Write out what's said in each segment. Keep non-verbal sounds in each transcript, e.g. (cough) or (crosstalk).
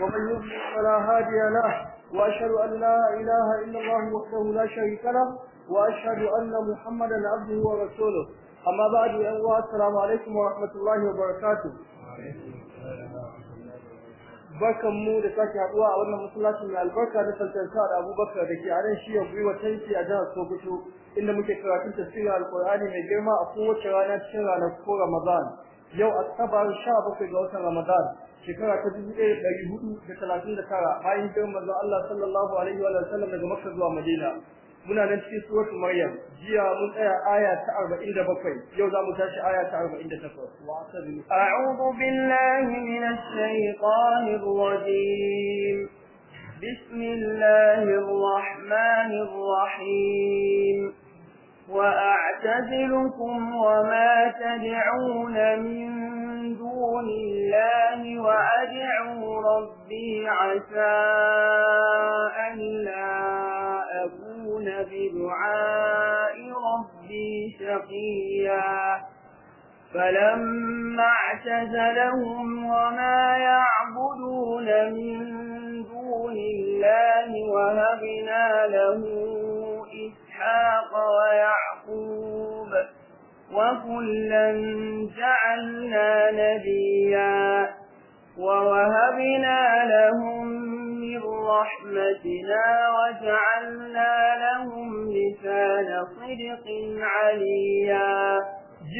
ومن يضلل فلا هادي له واشهد ان لا اله الا الله وحده لا شريك له واشهد ان محمدا عبده ورسوله اما بعد يا السلام عليكم ورحمه الله وبركاته barkan mu da sake haduwa a wannan masallacin mai albarka na Sultan a Abubakar da ke a nan shiya gwiwa tanki a jihar Sokoto inda muke karatun tafsirin Alkur'ani mai girma a kowace rana cikin ko Ramadan yau a sha bakwai ga watan Ramadan shekara ta da da hudu talatin 1439 bayan jiran manzo Allah sallallahu alaihi wa sallam daga Makka zuwa Madina muna nan cikin suratul Maryam jiya mun tsaya aya ta arba'in da bakwai. yau za mu tashi aya ta arba'in da takwas. 48 a'udhu billahi minash shaitanir rajim bismillahir rahmanir rahim وأعتزلكم وما تدعون من دون الله وأدعو ربي عسى ألا أكون بدعاء ربي شقيا فلما اعتزلهم وما يعبدون من دون الله وهبنا له إسرائيل إسحاق ويعقوب وكلا جعلنا نبيا ووهبنا لهم من رحمتنا وجعلنا لهم لسان صدق عليا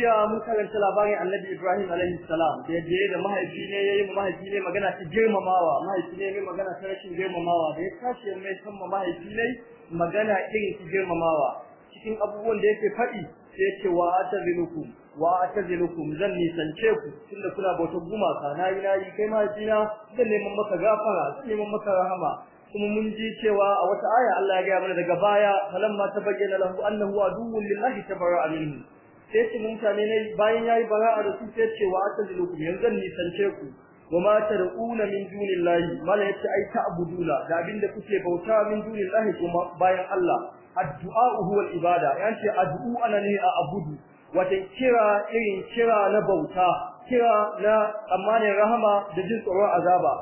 جاء موسى عليه السلام عن النبي إبراهيم عليه السلام بيجي إذا ما ما هي جينة ما ما هي جينة ما جينا تجيء ما ما ما هي جينة ما ما ما هي ما جينا تجيء ما ما ما جينا ما هي جينة magana irin su girmamawa cikin abubuwan da yake faɗi sai ce wa atazilukum wa atazilukum zan nisance ku tunda kuna bautar gumaka yi nayi kai ma na, zan neman maka gafara zan neman maka rahama kuma mun ji cewa a wata aya Allah ya ga mana daga baya falamma tabayyana lahu annahu aduwwun lillahi tabarra'a minhu sai ce mutane ne bayan yayi bara'a da su sai ce wa atazilukum yanzu zan nisance ku wa ma tad'una min dunillahi mala yace ai ta'buduna da abinda kuke bauta min dunillahi kuma bayan Allah addu'a huwa al-ibada yace addu'u ana ne a abudu wata kira irin kira na bauta kira na amanin rahama da jin tsoron azaba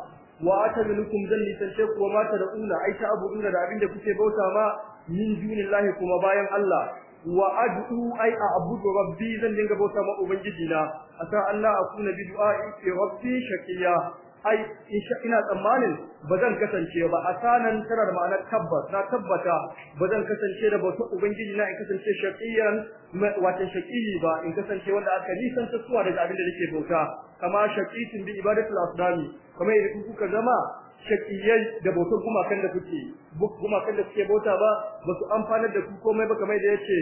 wa atabilukum dalli tantaku wa ma tad'una ai ta'buduna da abinda kuke bauta ma min dunillahi kuma bayan Allah wa ad'u ay a'budu rabbi zan dinga bauta ma ubangiji na asa Allah akuna bi du'a'i rabbi shakiya ai ina tsammanin ba zan kasance ba asanan tana da ma'anar tabbas na tabbata ba zan kasance da bautar ubangiji na in kasance shakiyan, wato shakiyi ba in kasance wanda aka nisan tsuwa daga abin da nake bauta kama shaqitin bi ibadatul asnami kamar idan kuka zama shakiyai da bautar gumakan da kuke gumakan da kuke bauta ba ba su amfanar da ku komai ba kamar da yace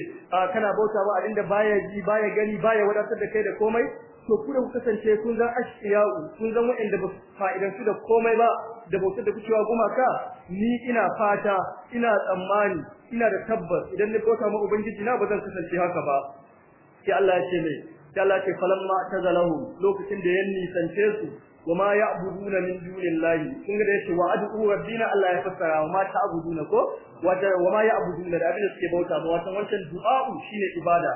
kana bauta ba abinda baya ji baya gani baya wadatar da kai da komai to ku da kasance kun zan ashiya'u kun zan wa'anda ba fa'idan su da komai ba da bautar da kuke wa gumaka ni ina fata ina tsammani ina da tabbas idan ni bauta ma ubangiji na ba zan kasance haka ba sai Allah ya ce mai sai Allah ya ce falamma tazalahu lokacin da ya nisance su wa ma ya'buduna min dunillahi kun ga da yake wa ad'u rabbina Allah ya fassara mata ma ta'buduna ko wata wa ma ya'buduna da abinda suke bauta ba wata wancan du'a shine ibada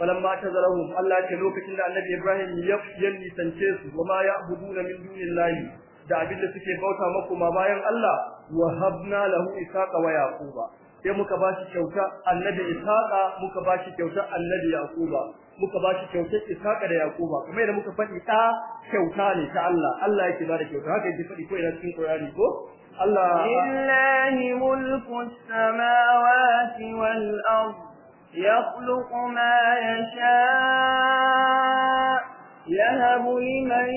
falamma tazalahum Allah ya lokacin da Annabi Ibrahim ya yanni tance su wa ma ya'buduna min dunillahi da abinda suke bauta mako ma bayan Allah wa habna lahu isaqa wa Yakuba. sai muka bashi kyauta Annabi isaqa muka bashi kyauta Annabi Yakuba. muka ba shi kyautar Isaka da Yakuba kamar yadda muka fadi ta kyauta ne ta Allah Allah yake ba da kyauta haka yake fadi ko ina cikin Qur'ani ko Allah Innahi mulku samawati wal ard يخلق ما يشاء يهب لمن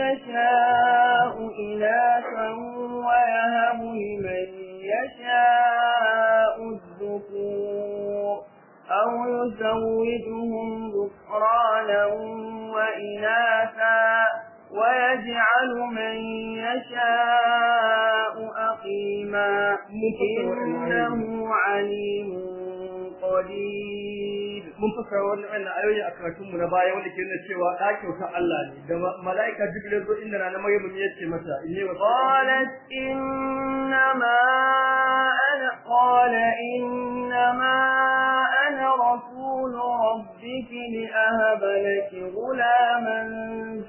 يشاء إناثا ويهب لمن يشاء الذكور أو يزوجهم ذكرانا وإناثا ويجعل من يشاء أقيما إنه عليم قدير من تصور لأن أيوه من بايا ولي كنا شوى لا الله ملائكة جبل يقول إننا لم يمن يشي مساء قالت إنما أنا قال إنما رسول ربك لأهب لك غلاما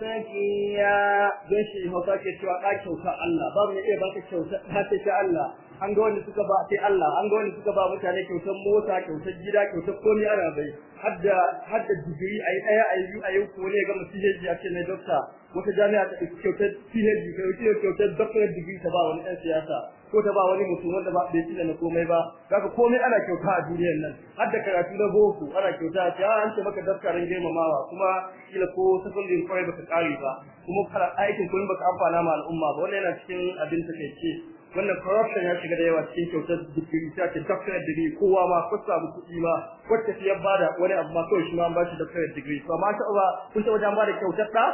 زكيا gashi hausa ke cewa ka kyauta Allah ba mu iya baka kyauta Allah an ga wanda suka ba sai Allah an ga wanda suka ba mutane kyautar mota kyautar gida kyautar komai ana bai hadda hadda digiri ayi daya ayi biyu ayi uku ne ga ne doctor wata jami'a ta kyautar PhD kyautar digiri ta ba wani ɗan siyasa ko ta ba wani mutum wanda ba bai na komai ba kaga komai ana kyauta a duniyar nan har da karatu na boko ana kyauta a ta an ce maka daskarin girmamawa kuma kila ko sakandin ba baka kare ba kuma kala aikin ba baka amfana ma al'umma ba wannan yana cikin abin ce wannan corruption ya shiga da yawa cikin kyautar digiri ta ce doctorate degree kowa ma ko samu kuɗi ma wacce ya bada wani abu ma kawai shi ma an ba shi doctorate degree to amma ta ba kun taɓa da kyautar da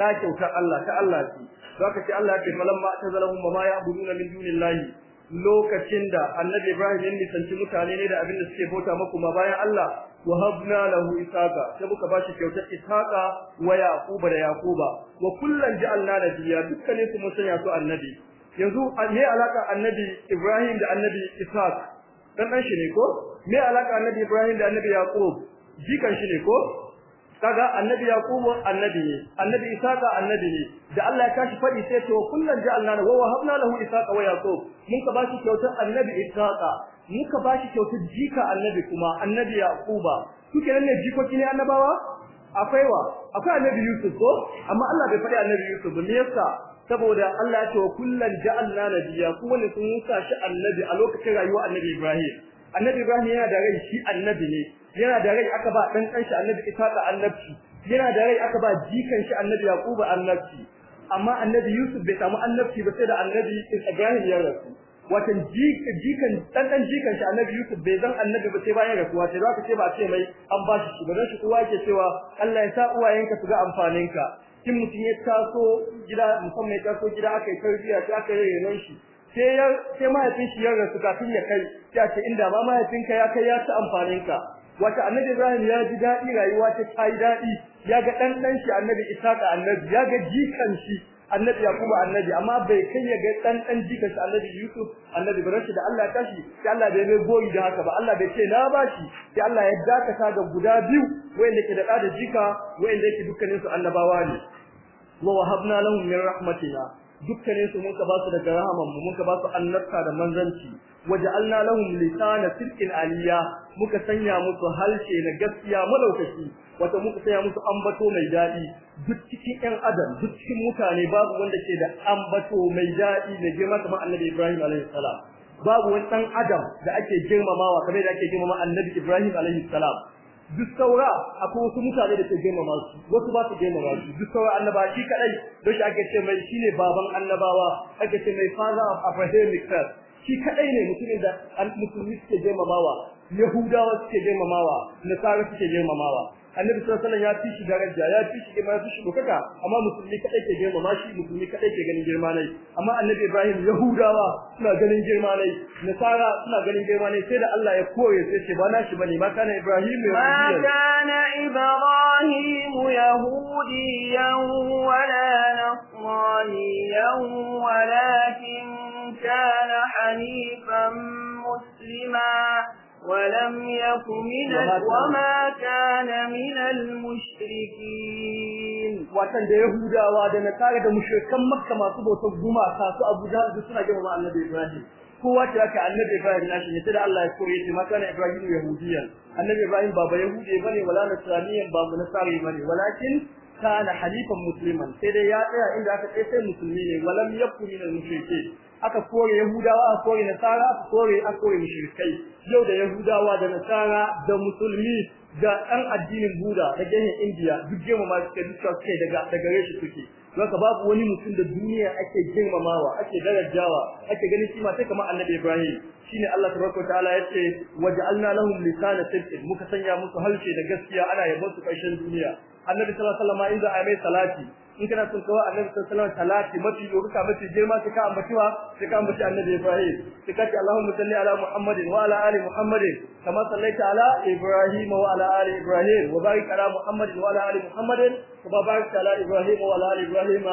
da kyauta Allah ta Allah ce zaka ce Allah ce falamma tazalahum ma ya'buduna min dunillahi lokacin da annabi Ibrahim ya nisanci mutane ne da abin da suke bauta muku ma bayan Allah wa habna lahu isaqa sai muka bashi kyautar isaqa wa yaquba da yaquba wa kullan ja'alna nabiyya dukkanin su mun sanya su annabi yanzu me alaka annabi Ibrahim da annabi Isaac dan dan shi ne ko me alaka annabi Ibrahim da annabi Yaqub jikan shi ne ko kaga annabi yaqub annabi ne annabi isaka annabi ne da Allah ya kashi fadi sai to kullun na wa habna lahu isaka wa yaqub mun ka bashi kyautar annabi isaka mun ka bashi kyautar jika annabi kuma annabi yaquba kuke nan ne jiko kine annabawa akwai wa akwai annabi yusuf ko amma Allah bai fadi annabi yusuf ne yasa saboda Allah ya ce kullun na nabiyya kuma ne sun sa shi annabi a lokacin rayuwar annabi ibrahim annabi ibrahim yana da rai shi annabi ne yana da rai aka ba dan kanshi annabi isaka annabci yana da rai aka ba jikan shi annabi yaquba annabci amma annabi yusuf bai samu annabci ba sai da annabi ibrahim ya rasu wato jikan dan dan jikan shi annabi yusuf bai zan annabi ba sai bayan rasuwa sai zaka ce ba ce mai an ba shi ba dan shi kowa yake cewa Allah ya sa uwayenka su ga amfanin ka kin mutun ya taso gida musamman ya taso gida aka yi tarbiya sai aka yi renon shi sai sai mahaifin shi ya rasu kafin ya kai ya ce inda ba mahaifinka ya kai ya ci amfanin ka wata annabi Ibrahim ya ji daɗi rayuwa ta tayi daɗi ya ga dan dan shi annabi Isaka annabi ya ga jikan shi annabi Yakubu annabi amma bai kai ya ga dan dan jikan shi annabi Yusuf annabi Ibrahim da Allah tashi sai Allah bai mai goyi da haka ba Allah bai ce na ba shi sai Allah ya dakata ga guda biyu da ke da da jika wanda yake dukkanin su annabawa ne wa wahabna lahum min rahmatina dukkanin su mun ka ba su daga rahaman mu mun ka ba su annabta da manzanci waja'alna lahum lisana sirqin aliya muka sanya musu halshe na gaskiya madaukaki wato muka sanya musu ambato mai dadi duk cikin ɗan adam duk cikin mutane babu wanda ke da ambato mai dadi da girma kamar annabi Ibrahim alaihi salam babu wani ɗan adam da ake girmamawa kamar da ake girmama annabi Ibrahim alaihi salam duk saura akwai wasu mutane da ke girmama su wasu ba su girmama su duk saura annaba shi kadai don shi ake cewa shi ne baban annabawa ake cewa mai father of Abrahamic faith shi kadai ne mutumin da musulmi suke mawa yahudawa suke girmamawa nasara suke girmamawa annabi sallallahu alaihi wasallam ya fi daraja ya fi shi ya fi shi amma musulmi kadai ke girma ma shi musulmi kadai ke ganin girma ne amma annabi Ibrahim Yahudawa suna ganin girma ne Nasara suna ganin girma ne sai da Allah ya koye sai ce ba na shi bane ma kana Ibrahim ma kana Ibrahim yahudiyan wala nasraniyan walakin kana hanifan muslima ولم يك من وما كان من المشركين وكان da yahudawa da nasara da mushrikan makka masu bautar gumaka su Abuja, jahal suna girma annabi ibrahim kowa ta ka annabi ibrahim nashi ne sai da Allah ya koye shi maka na ibrahim yahudiyan annabi ibrahim baba yahudi bane wala nasraniyan ba mu nasari bane walakin kana halifan musliman sai dai ya tsaya inda aka tsaye sai musulmi ne walam yakun min al aka kore yahudawa aka kore nasara aka kore aka kore mushrikai yau da yahudawa da nasara da musulmi da ɗan addinin buda da gehen indiya duk girmama suke duk suke daga daga reshi suke zaka babu wani mutum da duniya ake girmamawa ake darajawa ake ganin ma sai kamar annabi ibrahim shine Allah tabaraka ta'ala ya yace waja'alna lahum lisana sidqin muka sanya musu halshe da gaskiya ana yabo su ƙarshen duniya annabi sallallahu alaihi wasallam in za a mai salati in kana son kawo annabi sallallahu alaihi wasallam salati mafi lokuta mafi girma sai ka ambaci wa sai ka ambaci annabi Ibrahim sai ka ce Allahumma salli ala Muhammadin wa ala ali Muhammadin kama sallaita ala Ibrahim wa ala ali Ibrahim wa barik ala Muhammadin wa ala ali Muhammadin kuma barakta ala Ibrahim wa ala ali Ibrahim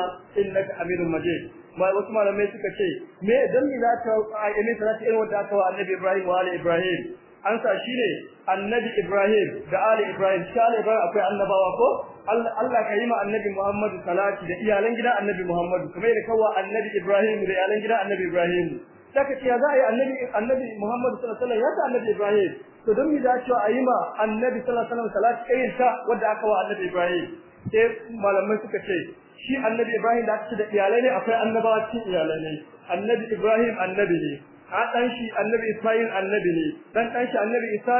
innaka Hamidum Majid mai wasu malamai suka ce me dan ni za ta ayyane salati irin wanda aka wa annabi Ibrahim wa ala Ibrahim an sa shine annabi Ibrahim da ali Ibrahim shi ali Ibrahim akwai annabawa ko Allah ka yi ma annabi Muhammadu salati da iyalan gidan annabi Muhammadu kamar da kawwa annabi Ibrahim da iyalan gidan annabi Ibrahim saka ya za a yi annabi annabi Muhammadu sallallahu alaihi wasallam ya ta annabi Ibrahim to don mi da cewa a yi ma annabi sallallahu alaihi wasallam salati irin ta wanda aka wa annabi Ibrahim sai malamai suka ce shi annabi Ibrahim da aka ce da iyalai ne akwai annabawa cikin iyalai ne annabi Ibrahim annabi ne dan shi annabi Isma'il annabi ne dan dan shi annabi Isa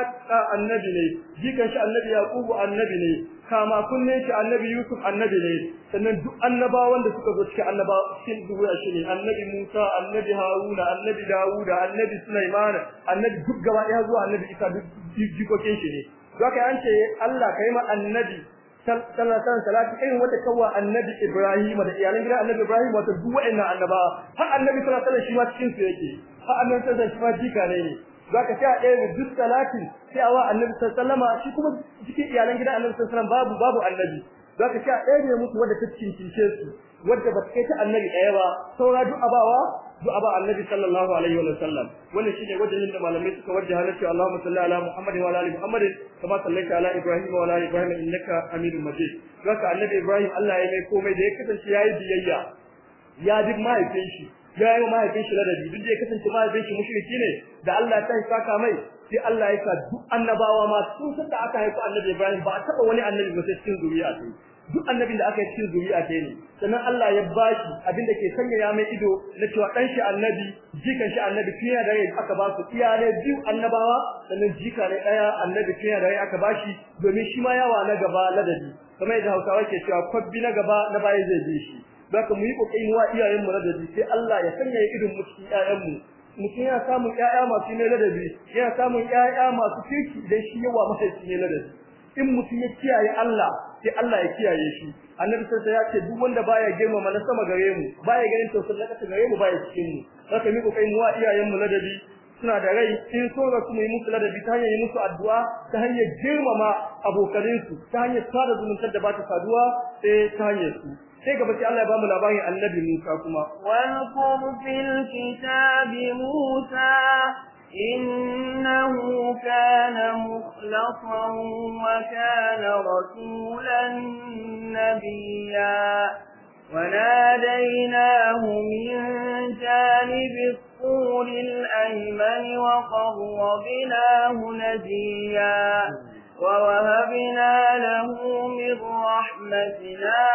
annabi ne jikan shi annabi Yaqubu annabi ne kama kunne shi annabi Yusuf annabi ne sannan duk annabawan da suka zo cikin annaba cikin dubu shi ne annabi Musa annabi Haruna annabi Dawuda annabi Sulaiman annabi duk gaba ɗaya zuwa annabi Isa duk jikokin shi ne doka an ce Allah kai ma annabi sallallahu wa irin wata kawwa annabi Ibrahim da iyalan gidan annabi Ibrahim wata duk wa'annan annaba har annabi sallallahu alaihi sallam shi ma cikin su yake fa aminta da shi fajika ne ne zaka ci a ɗaya da duk talatin sai awa annabi sallallahu alaihi shi kuma cikin iyalan gidan annabi sallallahu babu babu annabi zaka ci a ɗaya ne mutu wanda ta cincince su wanda ba kai ta annabi ɗaya ba saura duk abawa duk aba annabi sallallahu alaihi wa sallam wannan shine wajen da malamai suka wajja halacci Allahumma salli ala Muhammad wa ala ali Muhammad kama sallaita ala Ibrahim wa ala ali Ibrahim innaka Hamidum Majid zaka annabi Ibrahim Allah ya mai komai da ya kasance yayi biyayya ya duk ya shi ya yi mahaifin shi ladabi duk da ya kasance mahaifin shi mushriki ne da Allah ta saka mai sai Allah ya sa duk annabawa ma sun san da aka haifi annabi Ibrahim ba a taba wani annabi ba sai cikin zuriya ta duk annabin da aka yi cikin zuriya ta ne sannan Allah ya bashi abin da ke sanya ya mai ido na cewa dan shi annabi jikan shi annabi kiyaye da rai aka ba su iyaye biyu annabawa sannan jika ne daya annabi kiyaye da rai aka bashi domin shi ma yawa na gaba ladabi kamar yadda Hausawa ke cewa kwabbi na gaba na baya zai bi shi zaka mu yi kokari wa iyayen mu ladabi sai Allah ya sanya idon mu cikin iyayen mu mutum ya samun ƴaƴa masu ne ladabi Ya samun ƴaƴa masu kirki idan shi yawa mahaifi ne ladabi in mutum ya kiyaye Allah sai Allah ya kiyaye shi annabi sai ya ce duk wanda baya girmama na sama gare mu baya ganin sun na gare mu baya cikin mu zaka mu kokari mu wa iyayen mu ladabi suna da rai in so rasu su yi musu ladabi ta hanyar yi musu addu'a ta hanyar girmama abokaninsu ta hanyar sada zumuntar da ba ta saduwa sai ta hanyar su sai gaba sai Allah ya bamu labarin annabi Musa kuma walqum fil kitabi Musa إنه كان مخلصا وكان رسولا نبيا وناديناه من جانب الطول الأيمن وقربناه نجيا ووهبنا له من رحمتنا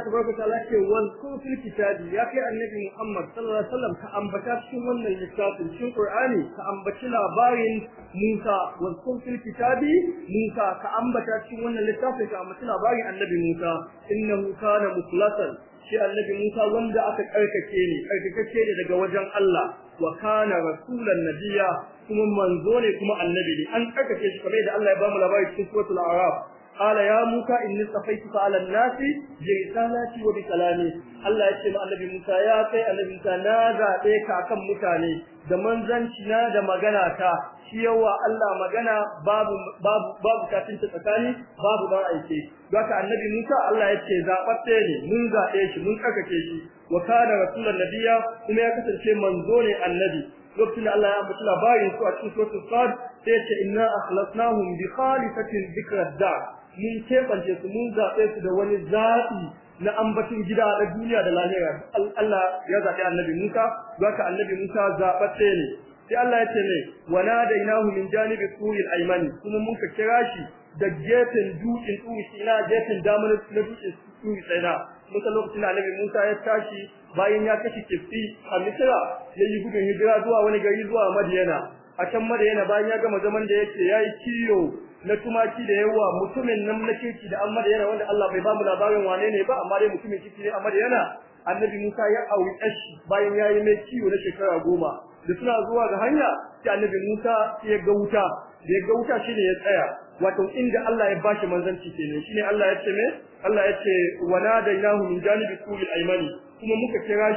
Allah tabaraka ta'ala ce wal kufil kitabi ya kai annabi Muhammad sallallahu alaihi wasallam ka ambata cikin wannan littafin cikin Qur'ani ka ambaci labarin Musa wal kufil kitabi Musa ka ambata cikin wannan littafin ka ambaci labarin annabi Musa innahu kana mukhlasan shi annabi Musa wanda aka karkace ne karkace ne daga wajen Allah wa kana rasulan nabiyya kuma manzo ne kuma annabi ne an karkace shi kamar da Allah ya bamu labari cikin suratul a'raf qala ya musa inni safaituka ala an-nasi bi risalati wa bi kalami Allah ya ce ma annabi musa ya kai annabi musa na zaɓe ka mutane da manzanci na da magana ta shi yawa Allah magana babu babu babu ta tsakani babu dan aike haka annabi musa Allah ya ce zabatte ne mun zabe shi mun kakake shi wa kana rasulun nabiyya kuma ya kasance manzo ne annabi lokacin da Allah ya ambaci labarin su a cikin suratul sad sai ya ce inna akhlasnahum bi khalisatin dhikra dar mun kebance su mun zaɓe su da wani zaɓi na ambatin gida da duniya da lahira Allah ya zaɓi annabi Musa zaka annabi Musa zaɓace ne sai Allah ya ce ne wa nadainahu min janibi turil aymani kuma mun ka kira shi da gefen dutsen shi na gefen damar na dutsen sai sina musa lokacin annabi Musa ya tashi bayan ya kashe kifi a Misra ya yi gudun hijira zuwa wani gari zuwa Madiyana a can Madiyana bayan ya gama zaman da yake yayi kiyo na tumaki da yawa mutumin nan na keci da amma da yana wanda Allah bai ba mu labarin wane ne ba amma dai mutumin kici ne amma da yana annabi Musa ya auri ɗashi bayan yayi yi mai ciwo na shekara goma da suna zuwa ga hanya sai annabi Musa ya ga wuta da ya ga wuta shine ya tsaya wato inda Allah ya bashi manzanci kenan shine Allah ya ce me Allah ya ce wanadainahu min janibi turi aymani kuma muka kira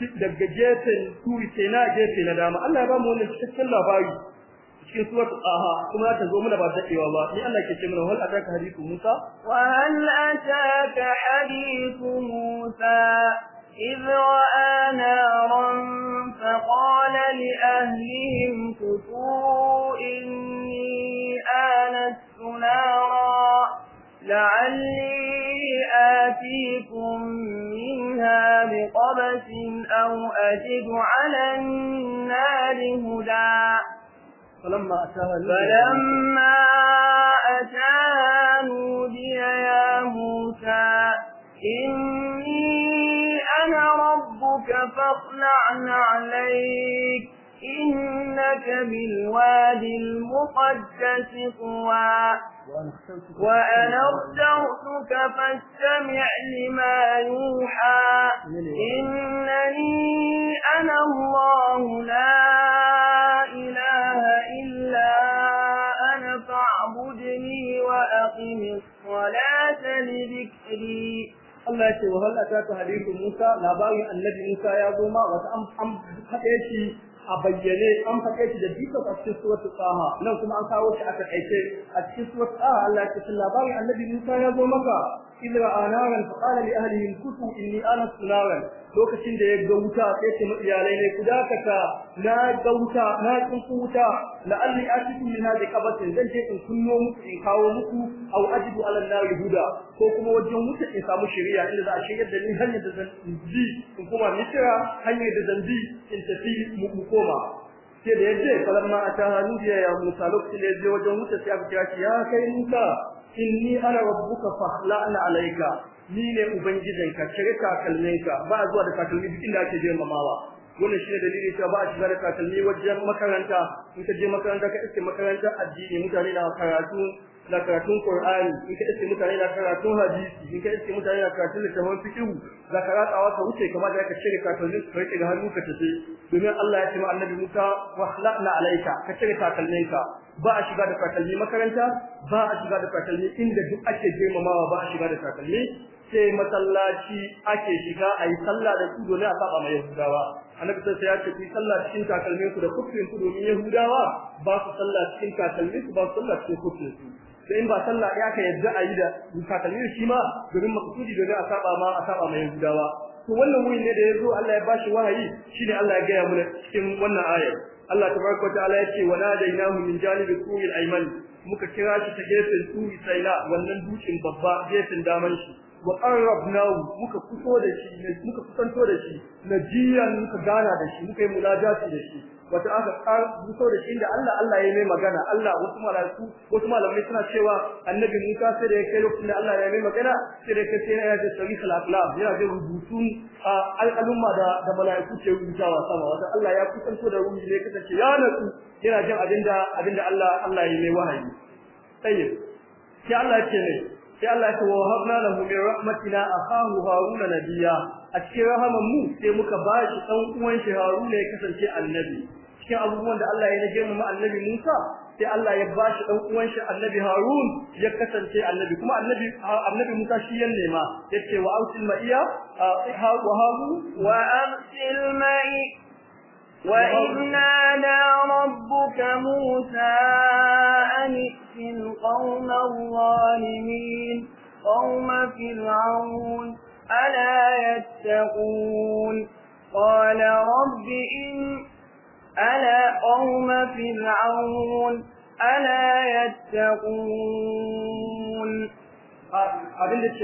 shi daga gefen turi kenan gefe na dama Allah ya ba mu wannan cikakken labari cikin suratul aha kuma ta zo mana ba dadewa ba ni Allah ke ce mana wal ataka hadithu Musa wa hal ataka hadithu Musa إذ رأى نارا فقال لأهلهم كتوا إني آنست نارا لعلي آتيكم منها بقبس أو أجد على النار هدى فلما أتاها فلما أتاها نودي يا موسى إني أنا ربك فاخلع عليك إنك بالوادي المقدس طوى وأنا اخترتك فاستمع لما يوحى إنني أنا الله لا إله وأقم الصلاة لذكري Allah ya ce wa hallaka ta hadisin Musa labarin annabi Musa ya zo ma wata an shi a bayyane an faɗe shi da duka a cikin suratul Taha nan kuma an kawo shi a takaice a cikin suratul Taha Allah ya ce labarin annabi Musa ya zo maka إذ رأى نارا فقال لأهله انكثوا إني آنست نارا lokacin da ya ga wuta sai ce iyalai ne ku dakata na ga wuta na kin wuta la alli atiku min hadi qabatin zan ke in kunno muku in kawo muku aw ajidu ala nar huda ko kuma wajen wuta in samu shari'a inda za a shigar da ni hanyar da zan bi in kuma misira hanyar da zan bi in tafi mu koma sai da yaje falamma ataha nudiya ya Musa lokacin da yaje wajen wuta sai aka kira shi ya kai Musa inni ana rabbuka fahla'na alaika ni ne ubangijinka cire takalminka ba zuwa da takalmi bikin da ake girmamawa wannan shi ne dalili cewa ba shi shiga da takalmi wajen makaranta in ka je makaranta ka iske makaranta addini mutane na karatu na karatun Qur'ani in ka iske mutane na karatun hadisi in ka iske mutane na karatun littafin fiqh za ka ratsawa ka wuce kamar da ka cire takalmin ka rike ga hannu ka tafi domin Allah ya ce ma annabi muta wa khlaqna alayka ka cire takalminka ba a shiga da takalmi makaranta ba a shiga da takalmi inda duk ake girmamawa ba a shiga da takalmi sai masallaci ake shiga a yi sallah da su dole a saba ma yahudawa annabi sai ya ce ku sallah cikin takalmin ku da kufrin ku domin yahudawa ba su sallah cikin takalmin ku ba su sallah cikin kufrin ku sai in ba sallah ya ka yadda a yi da takalmi shi ma domin da za a saba ma a saba ma yahudawa to wannan wurin ne da ya zo Allah ya bashi wahayi shine Allah ya gaya mana cikin wannan ayar Allah ta tabaraka ta'ala yace wa nadainahu min janibi tuwil ayman muka kira shi ta gefen tuwi saila wannan dukin babba gefen daman shi wa qarrabnahu muka kuso da shi muka kusanto da shi najiyan muka gana da shi muka yi mulajati da shi wato aka so da inda Allah Allah ya mai magana Allah wasu malaiku wasu malamai suna cewa annabi Musa sai da yake lokacin da Allah ya mai magana sai da yake sai ya ce sai al-aqlam ya ga rubutun al'umma da da malaiku ke rubutawa sama wata Allah ya kusanto da ruhi ne kace ya nasu yana jin abinda abinda Allah Allah ya mai wahayi tayyib sai Allah ya ce ne sai Allah ya ce wa habna lahu min rahmatina akahu haruna nabiyya a cikin rahaman mu sai muka ba shi dan uwan shi haruna ya kasance annabi cikin abubuwan da Allah ya nage mu annabi Musa sai Allah ya ba shi dan uwan shi annabi Harun ya kasance annabi kuma annabi annabi Musa shi ya nema yace wa ausil ma'iya wa wa وإذ نادى ربك موسى أن ائت القوم الظالمين قوم فرعون ألا يتقون قال رب إن ألا قوم فرعون ألا يتقون أدلت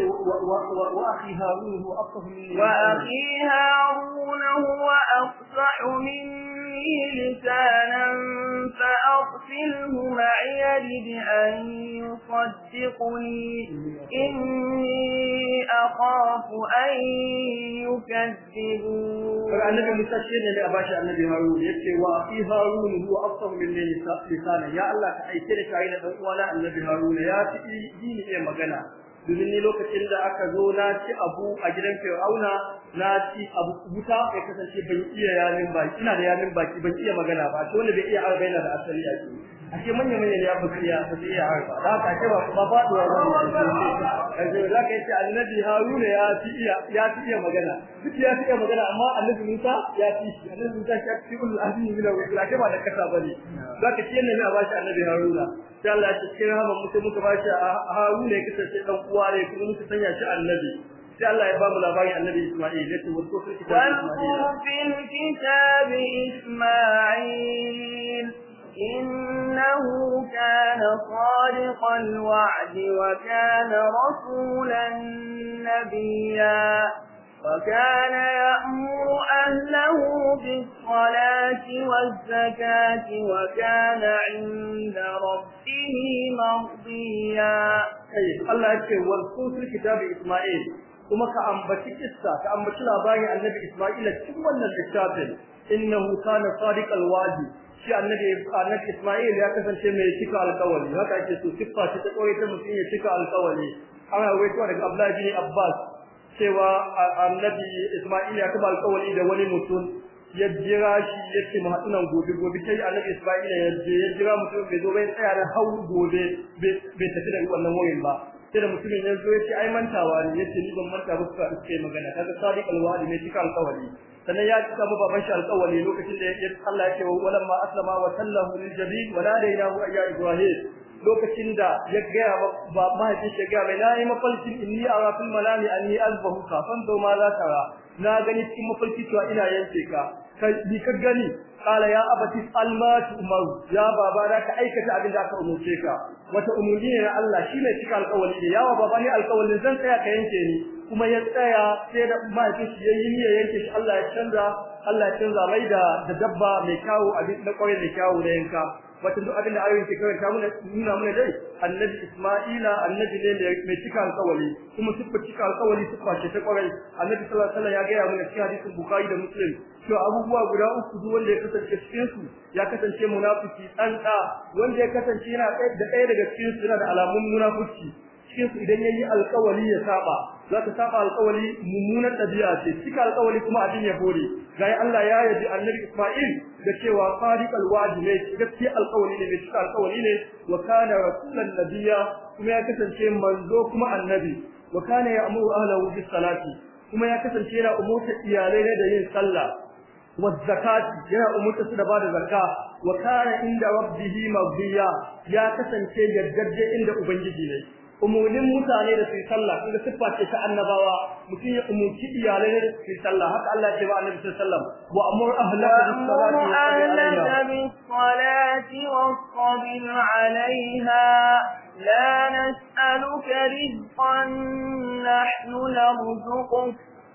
وأخي هارون هو أفصح مني وأخي هارون هو أفصح مني لسانا فأرسله معي لدعي يصدقني إني أخاف أن يكذبون النبي موسى شيء ne a bashi annabi Harun yace wa fi Harun huwa afsahu min lisana ya Allah ka aike da kai da dan uwana annabi Harun ya fi dini ne magana domin ni lokacin da aka zo na ci abu a gidan Fir'auna na ci abu buta kai kasance ban iya yamin baki ina da yamin baki ban iya magana ba to wanda bai iya arba yana da asali a Ake manya manya ne abu kariya ba zai ya harba da haka ashe ba faduwa ba yanzu za ka yace annabi haruna ya fi iya ya fi iya magana duk ya fi iya magana amma annabi musa ya fi annabi musa shi fi ul azmi min al wala ba da kasa ne za ka ce ne ba shi annabi haruna sai Allah ya ce kin haba muke muka bashi a haruna ya kace dan uwa ne kuma muka sanya shi annabi sai Allah ya bamu labarin Annabi Isma'il yace wato fil kitabi Isma'il إنه كان صادق الوعد وكان رسولا نبيا وكان يأمر أهله بالصلاة والزكاة وكان عند ربه مرضيا طيب، الله يقول والقوس لكتاب إسماعيل ثم كأنبت إسا كأنبت لأباني النبي إسماعيل كم أن الكتاب إنه كان صادق الواجب shi annabi annabi Isma'il ya kasance mai cika alƙawari haka ake so siffa ce ta koyi ta mutum ya cika alƙawari ana waitowa daga Abdullahi bin Abbas cewa annabi Isma'il ya kaba alƙawari da wani mutum ya jira shi ya ce mahatunan gobe gobe sai annabi Isma'il ya je ya jira mutum bai zo bai tsaya da hau gobe bai tafi da wannan wurin ba sai da mutumin ya zo ya ce ai mantawa ne ya ce ni ban manta ba ka iske magana kaga sadiq alwali mai cika alƙawari sannan ya cika mu baban shi alƙawari lokacin da ya Allah ya ce wa walamma aslama wa sallahu lil jabin wa nadainahu ayya ibrahim lokacin da ya gaya ba mahaifin shi gaya mai na yi mafalkin inni a rafin malami an yi azbahu kafan zo ma za ta ra na gani cikin mafalki cewa ina yanke ka ni ka gani kala ya abati almat umar ya baba da ka aikata abin da aka umurce ka wata umurni ne na Allah shine cika alƙawari Ya yawa baba ni alƙawarin zan tsaya ka yanke ni kuma ya tsaya sai da mahaifin shi yi niyyar yanke shi Allah ya canza Allah ya canza mai da da dabba mai kawo abin na kwarai da kawo da yanka wato duk abin da ayoyin ke karanta mana nuna mana dai annabi Isma'ila annabi ne mai cika alƙawari kuma su cika alƙawari su kwace ta kwarai annabi sallallahu alaihi wasallam ya ga mana cikin hadisin Bukhari da Muslim to abubuwa guda uku duk wanda ya kasance cikin su ya kasance munafiki da wanda ya kasance yana da ɗaya daga cikin su yana da alamun munafiki cikin su idan yayi alƙawari ya saba Za ka saba alƙawari mummunan ɗabi'a ce cika alƙawari kuma abin ya bore yi Allah ya yaji annabi Isma'il da cewa sadiqal wa'di ne gaskiya alƙawari ne cika alƙawari ne wa kana rasulan nabiyya kuma ya kasance manzo kuma annabi wa kana ya'muru ahlahu bis salati kuma ya kasance yana umurta iyalai ne da yin sallah wa zakati yana umurta su da bada zakka wa kana inda rabbihi madiya ya kasance yaddaje inda ubangiji ne umulin mutane da su yi sallah kun ga siffa ce ta annabawa mutum ya iyale ne da su yi sallah haka Allah ya ce ba annabi sallallahu alaihi wa amur ahlaka bis salati bis salati wasbir alaiha la nas'aluka rizqan nahnu narzuquka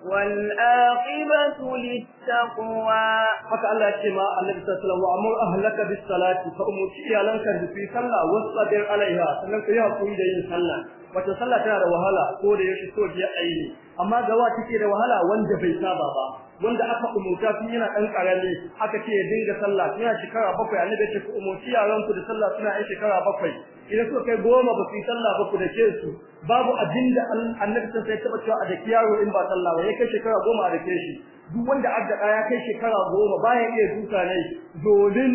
والآخبة للتقوى حكى الله كما النبي صلى الله عليه وسلم وأمر أهلك بالصلاة فأمر إيالانك في صلى واصبر عليها sannan ka yi hakuri da yin sallah wato sallah tana da wahala ko da yake so ya aini amma gawa take da wahala wanda bai saba ba wanda aka umurta tun yana dan karami aka ce ya dinga sallah tana shekara bakwai annabi ya ce ku umurci yaran ku da sallah suna ya shekara bakwai idan suka kai goma ba su yi sallah ba ku dake su babu abin da annabi sun sai taba cewa a dake yaro in ba sallah ba ya kai shekara goma a dake shi duk wanda adda ya kai shekara goma ba ya iya duka ne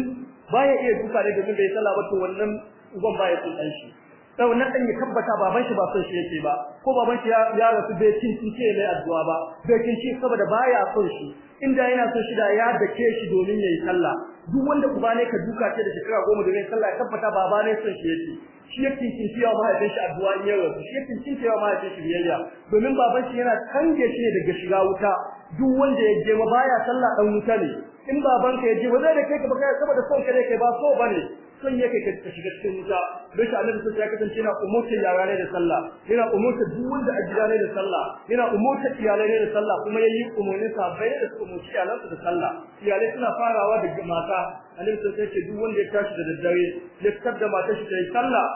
ba ya iya duka ne domin bai sallah ba to wannan uban ba ya son dan shi to wannan dan ya tabbata baban shi ba son shi yake ba ko baban shi ya rasu bai cin cin ce mai addu'a ba bai cin ci saboda baya son shi inda yana son shi da ya dake shi domin yayi sallah duk wanda uba ne ka duka ce da shekara goma da rai sallah ya tabbata baba ne son shi yake shi yake cin yawa mahaifin shi addu'a in yawa shi yake kinci yawa mahaifin shi biyayya domin baban shi yana kange shi ne daga shiga wuta duk wanda ya je baya sallah dan wuta ne in baban ka ya je wanda da kai ka baka saboda son ka ne kai ba so bane son yake ka shiga cikin wuta don shi annabi sun ya kasance yana umurta yara da sallah yana umurta duk wanda a gida da sallah yana umurta iyalai da sallah kuma yayi umurnin sahabbai da su umurci iyalansu da sallah iyalai suna farawa daga mata annabi sun ce duk wanda ya tashi da daddare ya fitar da matar shi ta yi sallah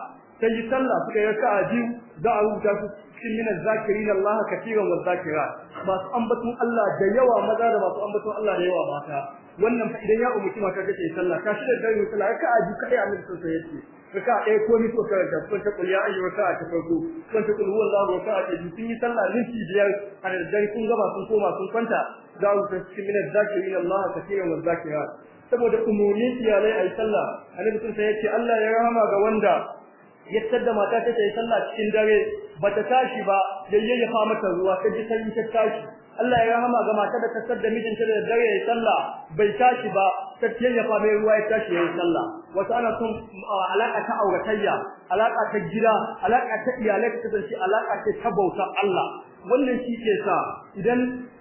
ta yi sallah suka yi raka'a biyu za a rubuta su cikin minan zakirin Allah katiran wa zakira masu ambaton Allah da yawa maza da masu ambaton Allah da yawa mata wannan fa idan ya umuci mata ta ce sallah ta shi da yin sallah ka aji kai a sallallahu alaihi yace ka ɗaya ko ni to karanta ko ta kulli ayi wa sa'a ta farko kun ta kulli wallahu wa sa'a ta sun yi sallah minti biyar a da dai kun gaba sun koma sun kwanta za su ta cikin min zakirin Allah kaseeran wa zakiya saboda umurni iyalai ayi sallah annabi sun sai yace Allah ya rahama ga wanda ya da mata ta yi sallah cikin dare ba ta tashi ba ya yayyafa mata ruwa ta ji sai ta tashi Allah ya rahama ga matar da ta da mijinta da dare ya sallah bai tashi ba ta fa mai ruwa ya tashi ya sallah wata ana son alaka ta auratayya alaka ta gida alaka ta iyalai ka kasance alaka ta bautar Allah wannan shi ke sa idan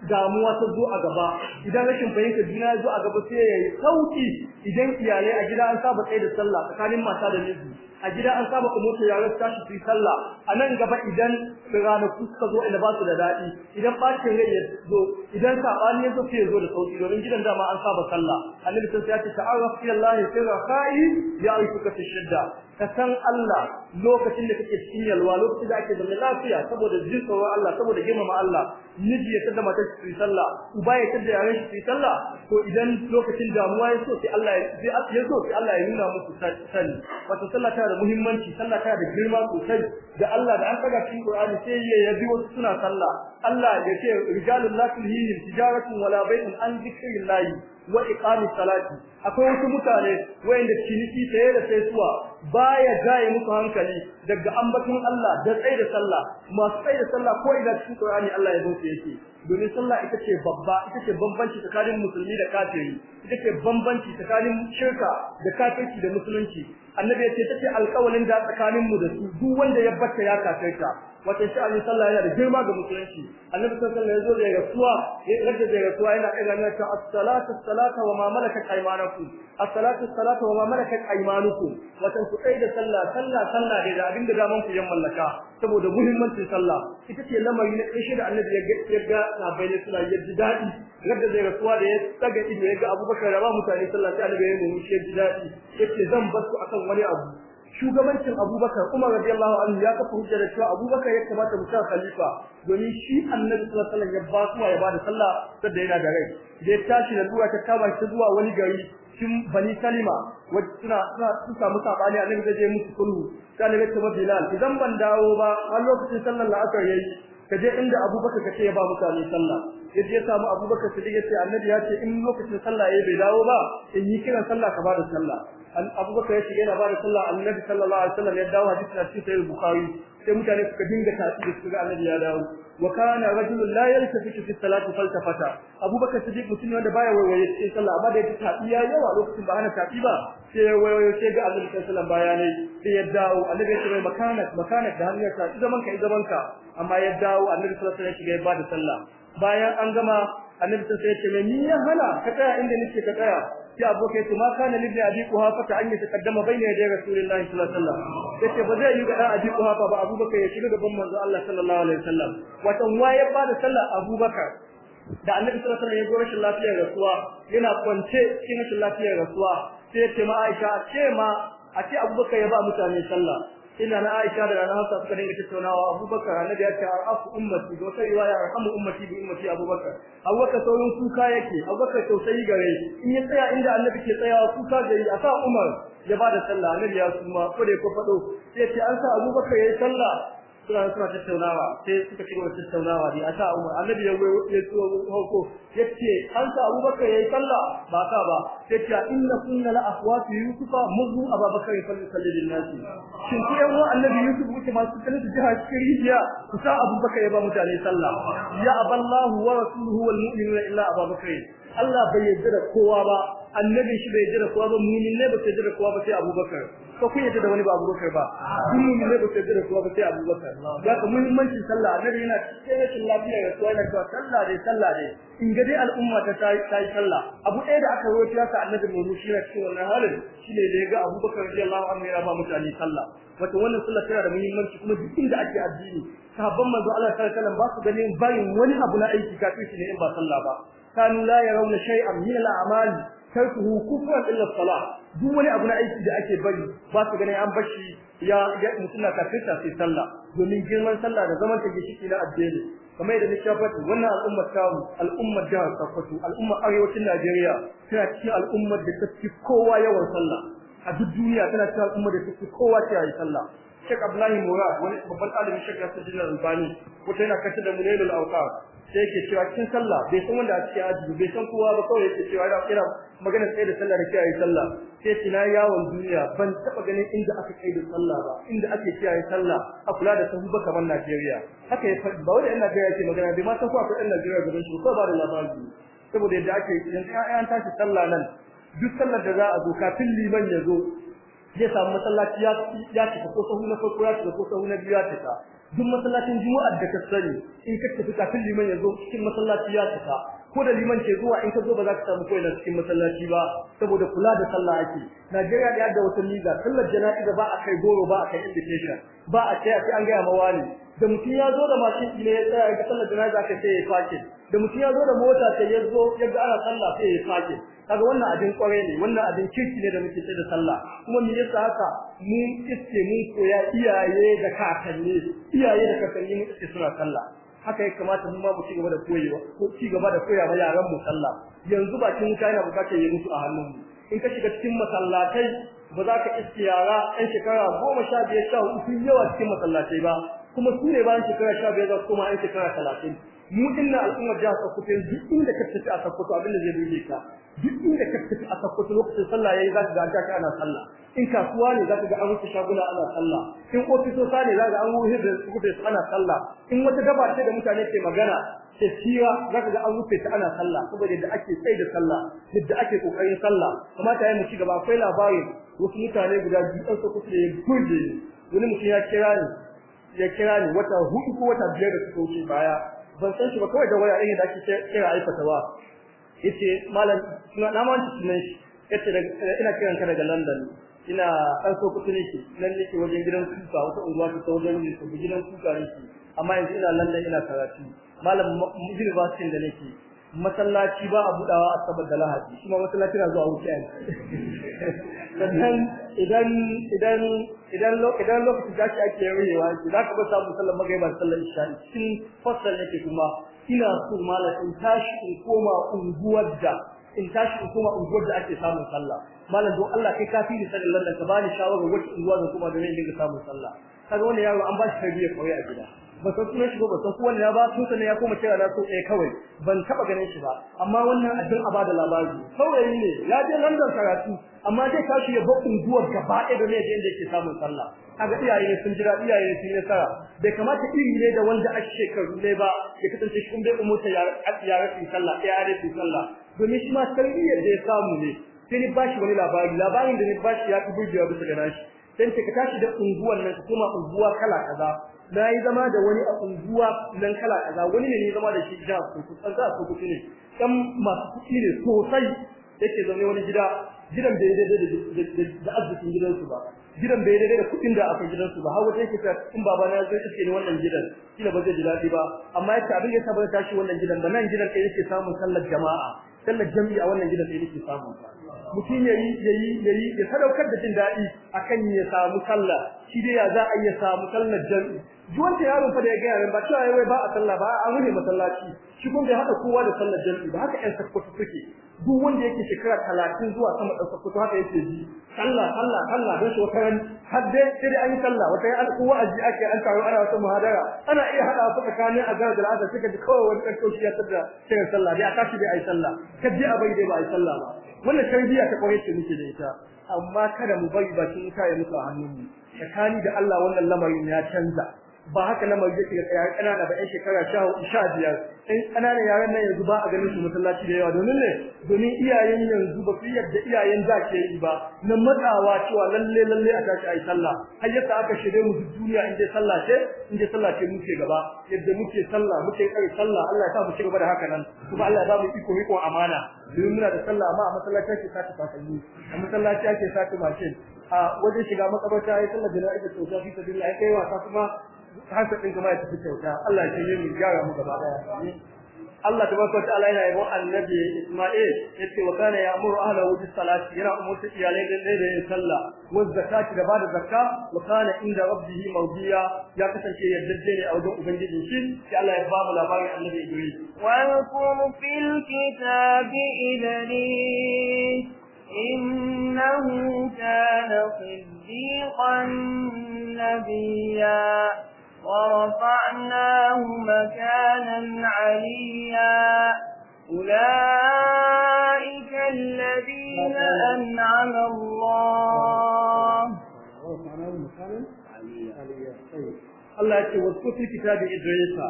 damuwa ta zo a gaba idan rashin fahimtar juna ya zo a gaba sai ya yi sauki idan iyalai a gida an saba tsaye da sallah tsakanin mata da miji a gida an saba ku mutu ya su tashi fi sallah a nan gaba idan ranaku suka zo ina ba su da daɗi idan ɓacin rai ya zo idan sabani ya tafi zo da sauki domin gidan dama an saba sallah annabi sai ya ce ta'arraf ila Allah sirra kha'i ya'rifuka fi shidda ka san Allah lokacin da kake cikin yalwa lokacin da ake zama lafiya saboda tsoron Allah saboda girmama Allah miji ya tada matar shi sallah uba ya tada yaran shi sallah ko idan lokacin damuwa ya so sai Allah ya so sai Allah ya nuna musu sani wato sallah tana da muhimmanci sallah tana da girma sosai da Allah da an kaga cikin Qur'ani sai ya yabi wasu suna sallah Allah ya ce rijalul lahi dinin tijaratun wala bai'un an zikrillahi wa iqamis salati akwai wasu mutane wayanda ciniki sai da saisuwa baya jaye muku hankali daga ambaton Allah da tsaye da sallah masu tsaye da sallah ko idan cikin Qur'ani Allah ya zuke yake domin sallah ita ce babba ita ce bambanci tsakanin musulmi da kafiri ita ce bambanci tsakanin shirka da kafirci da musulunci annabi ya ce tace alƙawalin da tsakanin mu da su duk wanda ya bata ya kafirta wata sha'ani sallah yana da girma ga musulunci annabi sallallahu alaihi wasallam ya zo da rasuwa ya rage da rasuwa yana kira na ta as-salatu salatu wa ma malaka aymanukum as-salatu salatu wa ma malaka aymanukum wata ku kai da sallah sallah sallah da da abin da zaman ku yan mallaka saboda muhimmancin sallah ita ce lamari na karshe da annabi ya ga sahabbai ne suna yaji dadi rage da rasuwa da ya tsaga ido ya ga abubakar da mutane sallah sai annabi ya yi mu shi daɗi. dadi yace zan bar su akan wani abu shugabancin Abubakar Umar radiyallahu anhu ya kafa hujjar da cewa Abubakar ya kamata mu sa khalifa domin shi Annabi sallallahu alaihi wasallam ya ba kuma ya bada sallah sadda yana da rai da ya tashi da zuwa ta kama shi zuwa wani gari cikin Bani Salima wacce suna sun samu sabani Annabi zai je musu kullu sai Annabi ya Bilal idan ban dawo ba har lokacin sallar la'asar yayi je inda Abubakar ka ce ya ba mutane sallah yadda ya samu Abubakar sai ya ce Annabi ya ce in lokacin sallah ya bai dawo ba in yi kiran sallah ka bada sallah abubakar ya shiga yana bada sallah annabi sallallahu alaihi wasallam ya dawo hadisi na cikin bukhari sai mutane suka dinga tafi da ga annabi ya dawo wa kana rajulun la yaltafitu fi salati faltafata abubakar sadiq mutum ne wanda baya waye cikin sallah amma da ya tafi ya yawa lokacin ba ana tafi ba sai ya waye sai ga annabi sallallahu alaihi wasallam bayanai sai ya dawo annabi ya ce makana makana da hanyar ta zaman ka zaman ka amma ya dawo annabi sallallahu alaihi wasallam ya shiga ya bada sallah bayan an gama annabi sai ya ce ni ya hana ka tsaya inda nake ka tsaya sai abokai su ma kana libni abi kuhafa ta an yi takaddama bayna yadai rasulullahi sallallahu alaihi wasallam yace ba zai yi ga dan abi kuhafa ba abubakar ya shiga gaban manzo Allah sallallahu alaihi wasallam watan waye ba da sallah abubakar da annabi sallallahu alaihi wasallam ya gore lafiyar rasuwa yana kwance cikin lafiyar rasuwa sai ce ma Aisha ce ma a ce abubakar ya ba mutane sallah ina na Aisha da na sa suka dinga tattaunawa Abubakar annabi ya ce arhamu ummati da wata riwaya arhamu ummati bi ummati Abubakar Abubakar saurin kuka yake Abubakar tausayi gare in ya tsaya inda annabi ke tsayawa kuka gare a sa Umar ya bada sallah annabi ya suma ko ko fado sai ce an sa Abubakar yi sallah suna suna tattaunawa sai suka ci gaba tattaunawa a asa Umar annabi ya ya tuwa yace an sa Abubakar yayi sallah ba ka ba yace inna kunna la afwatu yusufa muzu Abubakar sallallahu alaihi wasallam shin ku yan annabi Yusuf kuke masu kallon da jihar Kiriya ku sa Abubakar ya ba mutane sallah ya aballahu wa rasuluhu wal mu'minuna illa Abubakar Allah bai yarda da kowa ba annabi shi bai jira kowa ba mumin ne ba sai jira kowa ba sai abubakar ko kun yadda da wani ba abubakar ba mumin ne ba sai jira kowa ba sai abubakar ya ka muhimmancin sallah annabi yana cikin rashin lafiya ya kowa yana cewa sallah dai sallah dai in ga dai al'umma ta ta yi sallah abu ɗaya da aka rawaito ya sa annabi mu shi na cikin wannan halin shine da ya ga abubakar radiyallahu anhu ya ba mutane sallah wato wannan sallah tana da muhimmanci kuma duk inda ake addini sahabban manzo Allah sallallahu alaihi wasallam ba su ganin bayin wani abu na aiki kafin shi ne in ba sallah ba kanu la yarawna shay'an min al'amali tarkuhu kufran illa salat duk wani abu na aiki da ake bari ba su ganin an bashi ya ya mutuna kafirta sai sallah domin girman sallah da zaman take shi na addini kamar yadda nake faɗi wannan al'ummar ta al'ummar jihar Sokoto al'ummar arewacin Najeriya tana cikin al'ummar da ta fi kowa yawan sallah a duk duniya tana cikin al'ummar da ta fi kowa ta yi sallah Sheikh Abdullahi Mura wani babban ɗalibin Sheikh Nasiruddin Albani wata yana kashe da Munayil Al-Awqaf sai yake cewa cikin sallah bai san wanda a cikin ajibi bai san kowa ba kawai yake cewa ina magana sai da sallah da kiyaye sallah sai tina yawon duniya ban taba ganin inda aka kai da sallah ba inda ake kiyaye sallah a kula da sahu ba kamar Najeriya haka ya faɗi, ba wanda yana ga yake magana bai ma san ko akwai Najeriya gaban shi ko ba da labari saboda yadda ake yanzu ayan tashi sallah nan duk sallar da za a zo kafin liman ya zo zai samu masallaci ya ya ci ko sahu na farko ya ci ko sahu na biyu ya ci duk masallacin juma'a da ka sani in ka tafi kafin liman ya zo cikin masallaci ya cika. ko da liman ke zuwa in ka zo ba za ka samu koyar cikin masallaci ba saboda kula da sallah ake Najeriya da yadda wata liga sallar jana'iza ba a kai goro ba a kai invitation ba a ce a ce an gaya mawa ne da mutum ya zo da mashin ne ya tsaya ga sallar jana'iza ka sai ya fake da mutum ya zo da mota sai ya zo ya ga ana sallah sai ya fake kaga wannan abin kware ne wannan abin kirki ne da muke tsaye da sallah kuma me yasa haka mu iske mun koya iyaye da kakanni iyaye da kakanni mu iske suna sallah haka ya kamata mu ma mu ci gaba da koyewa ko ci gaba da koyawa ma yaran mu sallah yanzu bakin wuta yana bukatar ya mutu a hannun mu in ka shiga cikin masallatai ba za ka iske yara ɗan shekara goma sha biyar sha hudu sun yawa cikin masallatai ba kuma su ne bayan shekara sha biyar za su koma ɗan shekara talatin mu dinna al'ummar jihar Sokoto duk inda ka tafi a Sokoto abin da zai buge ka duk inda ka tafi a Sokoto lokacin sallah yayi zaka ga an ana sallah in kasuwa ne zaka ga an rufe shaguna ana sallah in ofisosa ne zaka ga an rufe ofis ana sallah in wata gaba ce da mutane ke magana ce ciwa zaka ga an rufe ta ana sallah saboda yadda ake tsaye da sallah yadda ake kokarin sallah kamata yayi mu ci gaba akwai labarin wasu mutane guda biyu ɗan Sokoto ne ya gurbe wani mutum ya kira ni ya kira ni wata hudu ko wata biyar da suka wuce baya ban san shi ba kawai da waya ɗaya da ake kira aikata ba yace malam na ma wanci sunan shi yace ina kiran ka daga London ina an so kuɗi shi nan ke wajen gidan kuka wata unguwa ta wajen gidan kuka shi. amma yanzu ina London ina karatu malam university da nake masallaci ba a budawa a saboda lahadi kuma masallaci na zuwa wuce (laughs) sannan idan idan idan idan lokacin da ake yawa shi zaka ba samun sallar magriba sallar isha cikin fasal yake kuma ina so malam in tashi in koma unguwar da in tashi in koma unguwar da ake samun sallah malam don Allah kai kafi da sallan London ka bani shawara wacce unguwa da kuma da ne dinga samun sallah kaga wannan yaro an ba shi tarbiyya kawai a gida ba san sunan shi ba san kowanne ya ba tun sanin ya koma kira na so ɗaya kawai ban taba ganin shi ba amma wannan abin a bada labari saurayi ne ya je London karatu amma dai tashi ya ba unguwar gaba ɗaya da ne da yake samun sallah kaga iyaye ne sun jira iyaye ne sun yi bai kamata iri ne da wanda a shekaru ne ba ya kasance shi kun bai umurta ya rafi sallah ya rafi sallah domin shi ma tarbiyyar da ya samu ne sai ni bashi wani labari labarin da ni bashi ya fi burgewa bisa ganashi nashi dan ka tashi da unguwan nan kuma unguwa kala kaza na yi zama da wani a unguwa nan kala kaza wani ne ne zama da shi gida ko ku san za ku kuɗi ne dan masu kuɗi ne sosai yake zama wani gida gidan bai daidai da arzikin gidansu ba gidan bai daidai da kuɗin da aka gidansu ba har wata yake ta in baba na zai iske ne wannan gidan kila ba zai ji ba amma yake abin ya saba tashi wannan gidan ba nan gidan kai yake samun sallar jama'a sallar jami'i a wannan gidan kai yake samun mutum yayi yayi yayi ya sadaukar da jin daɗi akan ya samu sallah shi dai ya za a iya samu sallar jami'i ta yaron fa da ya gaya min ba cewa yayi ba a sallah ba an rufe masallaci shi kun bai hada kowa da sallar jami'i ba haka ƴan sakkwato suke duk wanda yake shekara talatin zuwa sama ɗan sakkwato haka yake ji sallah sallah sallah don shi wata ran sai an yi sallah wata ran kowa aji ake an taro ana wata muhadara ana iya hada su tsakanin a da al'asar suka ji kawai wani ɗan ya tada shirin sallah dai a tashi dai a yi sallah kaji a bai dai ba a yi sallah ba wannan tarbiyya ta kwaye ce muke da ita amma kada mu bari bakin kayan muka hannunmu tsakani da Allah wannan lamarin ya canza ba haka na mai yake ga yaran kanana ba 'yan shekara 15 ɗan kananan yaran nan yanzu ba a ganin su masallaci da yawa domin ne domin iyayen yanzu ba su yadda iyayen za ke yi ba na matsawa cewa lalle lalle a tashi ayi sallah har yasa aka shirye mu duk duniya in dai sallah ce in dai sallah ce muke gaba yadda muke sallah muke kai sallah Allah ya sa mu ci gaba da haka nan kuma Allah ya ba mu iko riko amana domin muna da sallah amma a masallaci ake sati fasalli a masallaci ake sati mashin a wajen shiga makabarta ya sallar jana'iza to ta fi sabilillah kai wasa kuma hasad din kuma ya tafi kyauta Allah shi ne ya gyara mu gaba daya Allah tabaraka wa ta'ala yana yabo annabi Isma'il yace wa kana ya'muru ahlahu bis salati yana umurta iyalai da da yin sallah wa zakati da bada zakka wa kana inda rabbihi mawdiya ya kasance yaddade ne a wajen ubangiji shi sai Allah ya ba mu labarin annabi Idris wa yakum fil kitabi idris innahu kana siddiqan nabiyya ورفعناه مكانا عليا أولئك الذين أنعم الله Allah ya ce wa kufi kitabi Idrisa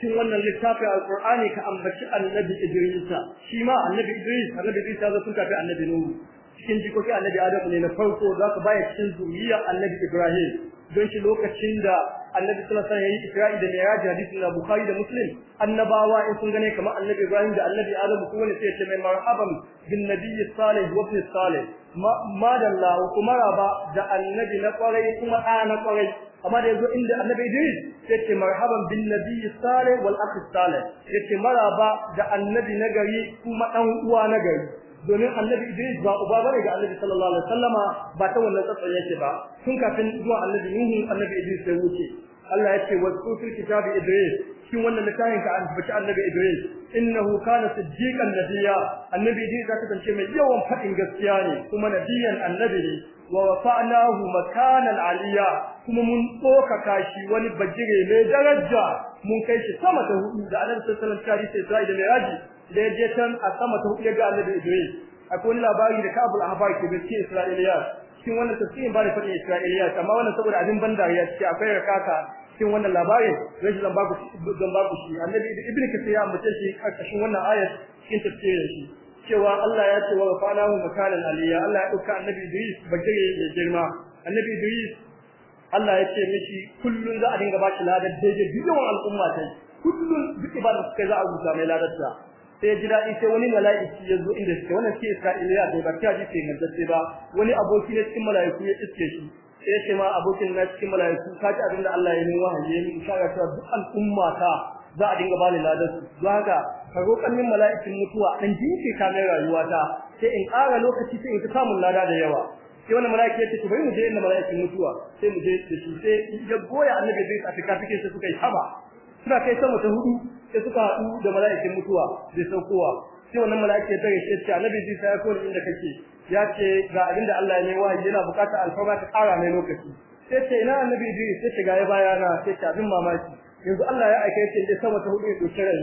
shin wannan littafin alqur'ani ka ambaci annabi Idrisa shi ma annabi Idris annabi Idrisa zai sun tafi annabi Nuhu cikin jikoki annabi Adam ne na farko za ka baya cikin zuriyar annabi Ibrahim don shi lokacin da annabi sallallahu alaihi wasallam isra'i da mi'raj hadisin na bukhari da muslim annabawa in sun gane kamar annabi ibrahim da annabi adam ko wani sai ya ce mai marhaban bin nabiyyi salih wa ibn salih ma dalla ko maraba da annabi na kwarai kuma da na kwarai amma da yazo inda annabi idris sai ce marhaban bin nabiyyi salih wal akh salih sai ce maraba da annabi nagari kuma dan uwa nagari domin annabi Idris ba uba bane ga annabi sallallahu alaihi wasallama ba ta wannan tsatsan yake ba tun kafin zuwa annabi Nuhu annabi Idris sai wuce Allah ya ce wasu fil kitabi Idris cikin wannan littafin ka ambaci annabi Idris innahu kana siddiqan nabiyya annabi Idris zaka kasance mai yawan fadin gaskiya ne kuma nabiyan annabi ne wa wafa'nahu makanan aliyya kuma mun doka kashi wani bajire mai daraja mun kai shi sama da hudu da annabi sallallahu alaihi wasallam tarihi sai da miraji da ya je can a sama ta hudu ya ga annabi Idris akwai wani labari da a habar ke bincike Isra'iliya cikin wannan tafsirin ba da fadin Isra'iliya amma wannan saboda abin ban dariya cikin akwai rakaka cikin wannan labari rashin zan baku zan baku shi annabi Ibrahim Kathir ya ambace shi a cikin wannan ayat cikin tafsirin shi cewa Allah ya ce wa fa'alahu makanan aliyya Allah ya dauka annabi Idris bagire ya girma annabi Idris Allah ya ce mishi kullun za a dinga bashi ladar daidai duk yawan al'umma ta kullun duk ibada kai za a rubuta mai sai ji daɗi sai wani mala'iki ya zo inda suke wannan shi Isra'iliya bai barka ji sai ingantacce ba wani aboki ne cikin mala'iku ya iske shi sai ce ma abokin na cikin mala'iku ka ji abin da Allah ya yi wahayi ya yi shara cewa duk al'umma ta za a dinga bani ladar su don haka ka roƙan min mala'ikin mutuwa dan jinke ka mai rayuwa ta sai in ƙara lokaci sai in ta samun lada da yawa sai wannan mala'iki ya ce to bari mu je inda mala'ikin mutuwa sai mu je da shi sai ya goya annabi bai a fika fike sai suka yi haba suna kai sama ta hudu sai suka haɗu da mala'ikin mutuwa san saukowa sai wannan mala'ike ta gaishe ce annabi ji sai ko inda kake ya ce ga abin da Allah ya yi wahayi yana bukatar alfama ta kara mai lokaci sai ce ina annabi ji sai ce ga ya bayana sai ce abin mamaki yanzu Allah ya aike shi da sama ta hudu ya ɗauki rai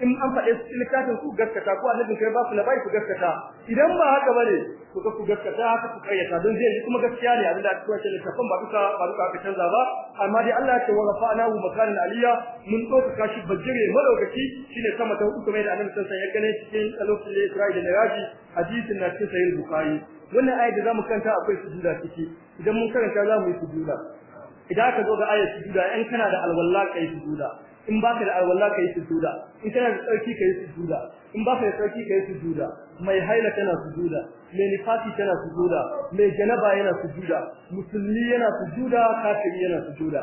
in an faɗe su littafin ku gaskata ko annabin kai ba su labari ku gaskata idan ba haka bane ku ga ku gaskata haka ku kayyata don zai yi kuma gaskiya ne abin da aka kace littafin ba duka ba duka aka canza ba amma dai Allah ya ce wa rafa'nahu makanan aliyya mun doka kashi bajire madaukaki shine sama ta hudu kamar da annabi sallallahu alaihi wasallam ya gane cikin lokacin da Isra'il da Miraji hadisin na cikin sahih Bukhari wannan ayat da zamu kanta akwai sujuda ciki idan mun karanta zamu yi sujuda idan aka zo ga ayat sujuda in kana da alwala kai sujuda in ba ka da alwala kai sujuda in kana da tsarki kai sujuda in ba ka da tsarki kai sujuda mai haila tana sujuda mai nifasi tana sujuda mai janaba yana sujuda musulmi yana sujuda kafiri yana sujuda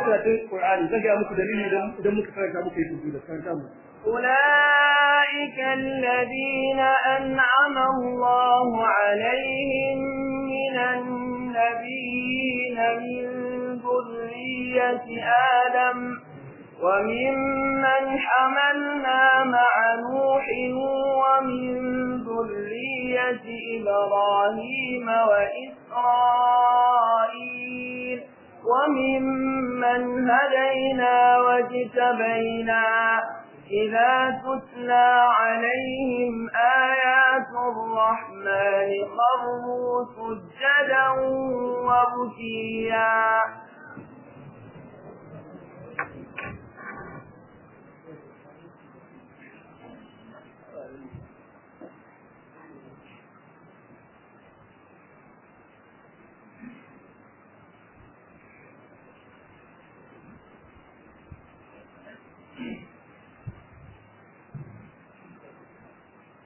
sai Qur'ani zan ga muku dalili idan muka fara karanta muku sujuda karanta mu أولئك الذين أنعم الله عليهم من النبيين من ذرية آدم وممن حملنا مع نوح ومن ذرية إبراهيم وإسرائيل وممن هدينا واجتبينا إذا تتلى عليهم آيات الرحمن خروا سجدا وبكيا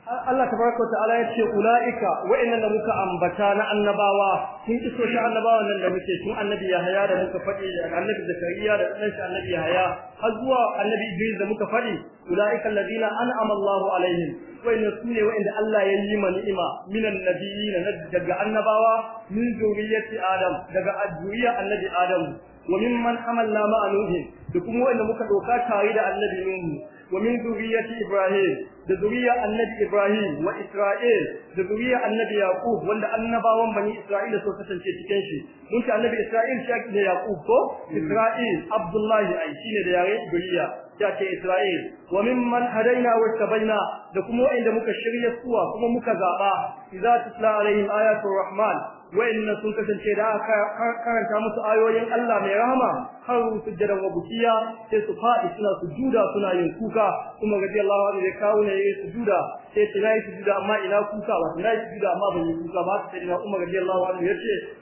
Allah tabaraka wa ta'ala ya ce ulaika wa'annan da muka ambata na annabawa sun iso shi annabawan nan da muke tun annabi Yahaya da muka faɗi da annabi Zakariya da ɗan shi annabi Yahaya har zuwa annabi Idris da muka faɗi ulaika alladhina an'ama Allahu alaihim wa'annan sune wa'anda Allah ya yi ma ni'ima minan nabiyina daga annabawa min zuriyati Adam daga zuriyar annabi Adam wa mimman hamalna ma'a Nuh da kuma wa'anda muka doka tare da annabi Nuh wa min zuriyati Ibrahim da zuriya annabi Ibrahim wa Isra'il da zuriya annabi Yaqub wanda annabawan bani Isra'ila so kasance cikin shi mun ce annabi Isra'il shi ne Yaqub ko hmm. Isra'il Abdullahi ai shine da yare zuriya ta Isra'il wa mimman hadaina wa tabaina da kuma wanda muka shirya suwa kuma muka zaba idza tutla alaihim ayatu rahman inna sun kasance da aka karanta musu ayoyin Allah mai rahama har sujjadan wa bukiya sai su faɗi suna sujuda suna yin kuka kuma gaji Allah wa zai kawo ne yayin sujuda sai su yi sujuda amma ina kuka ba su yi sujuda amma ban yi kuka ba sai na Umar gaji Allah wa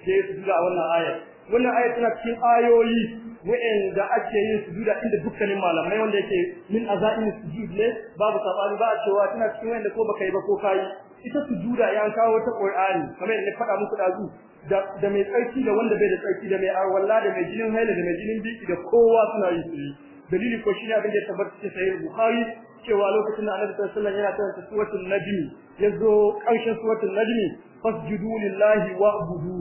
sai sujuda a wannan ayar wannan aya tana cikin ayoyi wa'anda ake yin sujuda inda dukkanin malamai wanda yake min azain sujud ne babu sabani ba a cewa tana cikin wanda ko baka yi ba ko kai ita sujuda ya kawo ta Qur'ani kamar yadda faɗa muku dazu da mai tsarki da wanda bai da tsarki da mai arwalla da mai jinin haila da mai jinin biki da kowa suna yin su dalili ko shi ne abin da ya tabbata cikin sahih Bukhari cewa lokacin da Annabi sallallahu alaihi wasallam yana karanta suratul Najm yazo ƙarshen suratul Najm fasjudu lillahi wa'budu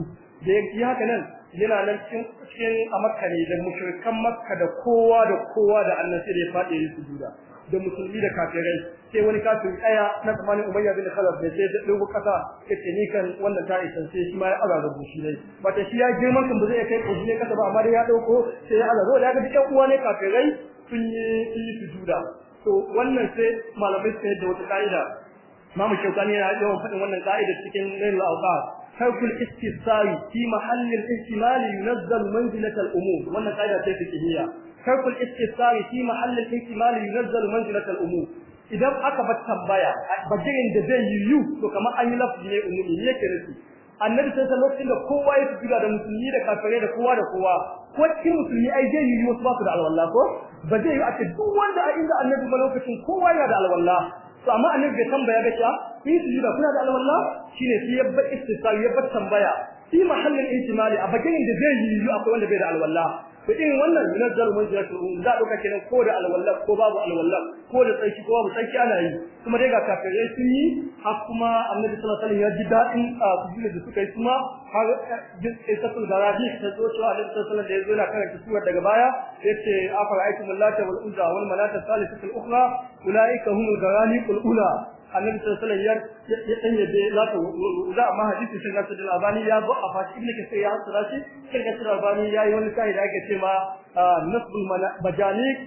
da yake haka nan yana nan cikin a makka ne da mushrikan makka da kowa da kowa da annabi sai ya fadi su sujuda da musulmi da kafirai sai wani kafiri aya na zamanin ubayya bin khalaf da sai da dubu kasa yace ni kan wannan ta isan sai shi ma ya azaza shi ne bata shi ya girma kan ba zai kai bushi ne kasa ba amma dai ya dauko sai ya azaba da ga dukkan uwa ne kafirai sun yi sujuda to wannan sai malamai sai da wata kaida Mamu Shaukani yana yawan faɗin wannan kaida cikin Lailul Awqaf harkul istisari fi mahallin ihtimali yunazzalu manzilatal umum wannan kaida ce fiqhiyya harkul istisari fi mahallin ihtimali yunazzalu manzilatal umum idan aka bar tambaya bajirin da zai yi yu to kamar an yi lafi ne umumi ne yake nufi annabi sai ta lokacin da kowa ya fi da musulmi da kafirai da kowa da kowa ko cikin musulmi ai zai yi wasu ba su da alwala ko ba zai yi a ce duk wanda a inda annabi ba lokacin kowa yana da alwala to amma annabi bai tambaya ba ta fi su da kuna da alwala shine fi yabba istisal yabba tambaya fi mahallin intimali, a bakin da zai yi akwai wanda bai da alwala to irin wannan yunazzal manzilatu za doka kenan ko da alwallah ko babu alwallah ko da tsaki ko babu tsaki ana yi kuma dai ga kafirai sun yi har kuma annabi sallallahu alaihi wasallam ya ji daɗin a kujin da suka yi kuma har jisatul eh, garabi ta zo cewa annabi sallallahu alaihi wasallam da ya zo na karanta suwar daga baya yace afara aikum lata wal uzza wal malata salisatul ukhra ulaika humul gharani ula annabi sallallahu alaihi wasallam ya dan yabe la ta za amma hadisi sun gasa da albani ya bu a fati ibn kasai ya hasara shi sai kasai albani ya yi wani sai da ake ce ma nasbul majalik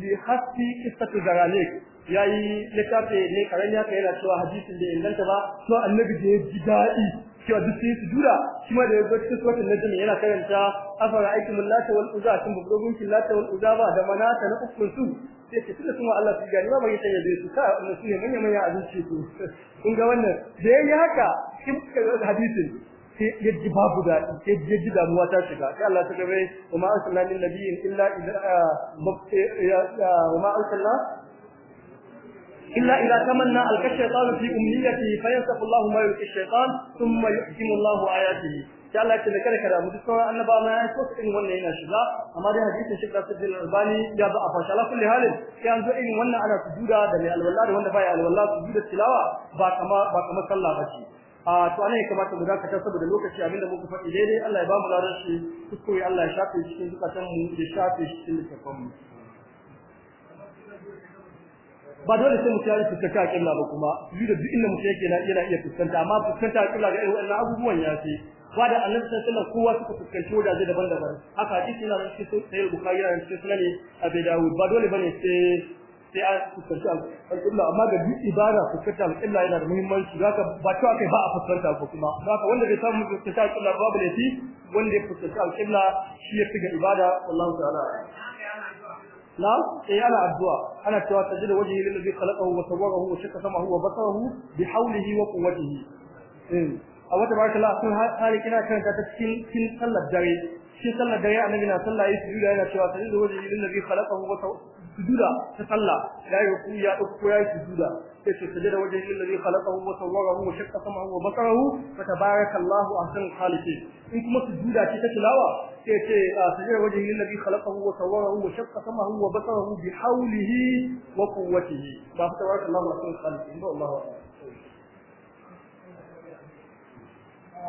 li hasi qissatu zaralik yayi littafi ne karan ya kai yana cewa hadisin da inganta ba to annabi da ya ji daɗi cewa duk sai su jura shi ma da ya gwada cikin wata najmi yana karanta afara aikin lata wal uzza tun bugun lata wal uzza ba da manata na ukun su sai ka tuna kuma Allah su gani ba mai tayyabe su ka annabi ne manya manya a zuci su kun ga wannan da yayi haka kin ka ga hadisin sai yaji babu da sai yaji da muwa ta shiga sai Allah ta ga bai kuma sallallahu alaihi wa illa idza mabti eh, ya wa ma alsalla illa idza tamanna alka shaytanu fi umniyati fayasafu Allahu ma yuqi shaytan thumma yuhkimu Allahu ayatihi sai Allah ya kada kada mu dukkan annaba ma ya so irin wannan yana shiga amma dai hadisin shi da sirrin albani ya ba a fashala kulli halin sai an zo irin wannan ana sujuda da mai alwala da wanda bai alwala sujuda tilawa ba kama ba kama sallah bace a to anan ya kamata mu dakata saboda lokaci abinda muka faɗi daidai Allah ya ba mu ladan shi kuskure Allah ya shafe shi cikin zukatan mu ya shafe shi cikin littafin mu ba dole sai mutum ya fuskanta kibla ba kuma duk da duk inda mutum yake na yana iya fuskanta amma fuskanta kibla ga irin wannan abubuwan ya ce Ba da annabi sallallahu alaihi kowa suka fuskanci wajaje daban-daban haka hadisi na nan cikin sahih bukhari na cikin sunan abi dawud ba dole bane sai sai a fuskanci alƙibla amma ga duk ibada fuskanta alƙibla yana da muhimmanci zaka ba cewa kai ba a fuskanta ko kuma zaka wanda bai samu fuskanta alƙibla babu laifi wanda ya fuskanci alƙibla shi ya fi ga ibada wallahu ta'ala نعم اي انا الدعاء انا التوسل وجهي للذي خلقه وصوره وشق سمعه وبصره بحوله وقوته a wata barakala sun hali kina karanta ta cikin cikin sallar dare cikin sallar dare annabi na sallah yayi sujuda yana cewa sai da wajen ilin nabi khalaqahu wa sujuda ta sallah ya yi ku ya dauko ya sujuda sai sai ce sajada wajen ilin nabi khalaqahu wa sawwarahu wa shaqqa samahu wa basarahu fa tabarakallahu ahsanul khaliqin in kuma sujuda ce ta tilawa sai ce sajada wajen ilin nabi khalaqahu wa sawwarahu wa shaqqa samahu wa basarahu bi hawlihi wa quwwatihi ba tabarakallahu ahsanul khaliqin ba Allahu akbar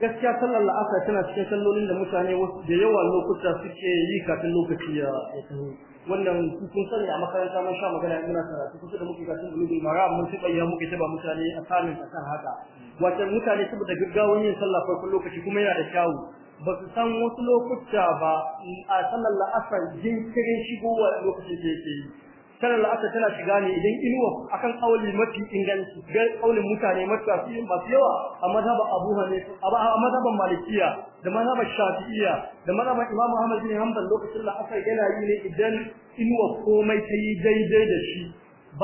gaskiya sallar la'asa tana cikin sallolin da mutane da yawa lokuta suke yi kafin lokaci ya taho wannan kun sani a makaranta mun sha magana muna karatu kusa da muke kafin bulubi mara mun ci bayya muke taba mutane a a akan haka wato mutane saboda gaggawan yin sallah farkon lokaci kuma yana da kyawu ba su san wasu lokuta ba a sallar la'asar jinkirin shigowa lokacin da yake yi sallar la'asar tana shiga ne idan inuwa akan kauli mafi inganci ga kaulin mutane mafi masu yawa a mazhaban Abu Hanifa a mazhaban Malikiya da mazhaban Shafi'iyya da mazhaban Imam Ahmad bin Hanbal lokacin la'asar yana yi ne idan inuwa komai ta yi daidai da shi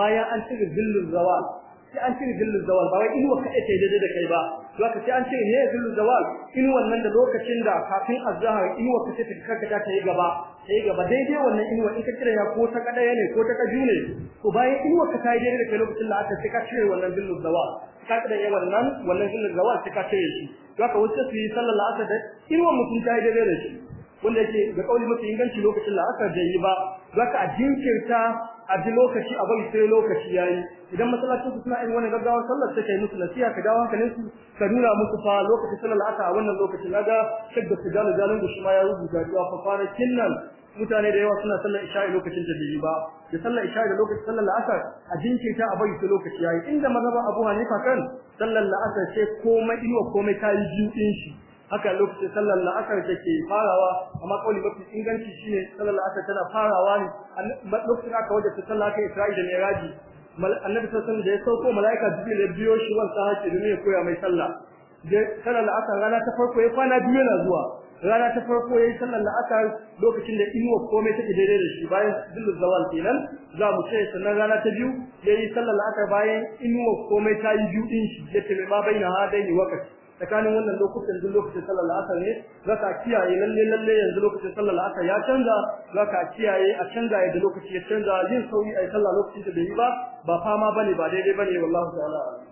bayan an cire zillul zawal sai an cire zillul zawal ba wai inuwa kaɗai ta yi daidai da kai ba zaka ce an ce ne zulul zawal in nan da lokacin da kafin azhar inuwa ce ta karkata ta yi gaba ta yi gaba daidai wannan inuwa in ka kira ya ko ta kada ne ko ta kaju ne to bayan in ka ta yi daidai da lokacin da aka ce ka cire wannan zulul zawal ka kadaya wannan wannan zulul zawal ka cire shi zaka wuce su yi sallar wasallam da inuwa mutum ta yi daidai da shi wanda yake ga kauli mutum inganci lokacin da aka yi ba zaka ajinkirta Aji lokaci a bari sai lokaci yayi idan masallacin su suna yin wani gaggawa sallar sai musu nasiha ka dawo hankalin su ka nuna musu fa lokaci sallar aka a wannan lokacin naga shadda su gane jalin da ma ya rubuta cewa fa kwanakin nan mutane da yawa suna sallar isha'i lokacin da bai ba da sallar isha'i da lokacin sallar la'asar a ta a bari sai lokaci yayi inda mazhaban Abu Hanifa kan sallar la'asar sai komai inuwa komai ta biyu din shi haka lokacin sallar la'asar take farawa amma kauli mafi inganci shine sallar la'asar tana farawa ne lokacin aka ta sallah kai Isra'i da Miraji annabi sallallahu da ya sauko malaika jibril da biyo shi wannan hake domin ya koya mai sallah da sallar la'asar rana ta farko ya kwana biyu yana zuwa rana ta farko yayi sallar la'asar lokacin da inuwa komai take daidai da shi bayan zulul zawal kenan za mu ce sannan rana ta biyu yayi sallar la'asar bayan inuwa komai ta yi biyu din shi ya tabe ma baina hadaini wakati tsakanin wannan lokutan duk lokacin sallar la'asar ne za ka kiyaye lalle lalle yanzu lokacin sallar la'asar ya canza za ka kiyaye a canza yadda lokaci ya canza yin sauri a sallar lokacin da bai yi ba ba fama bane ba daidai bane wallahi ta'ala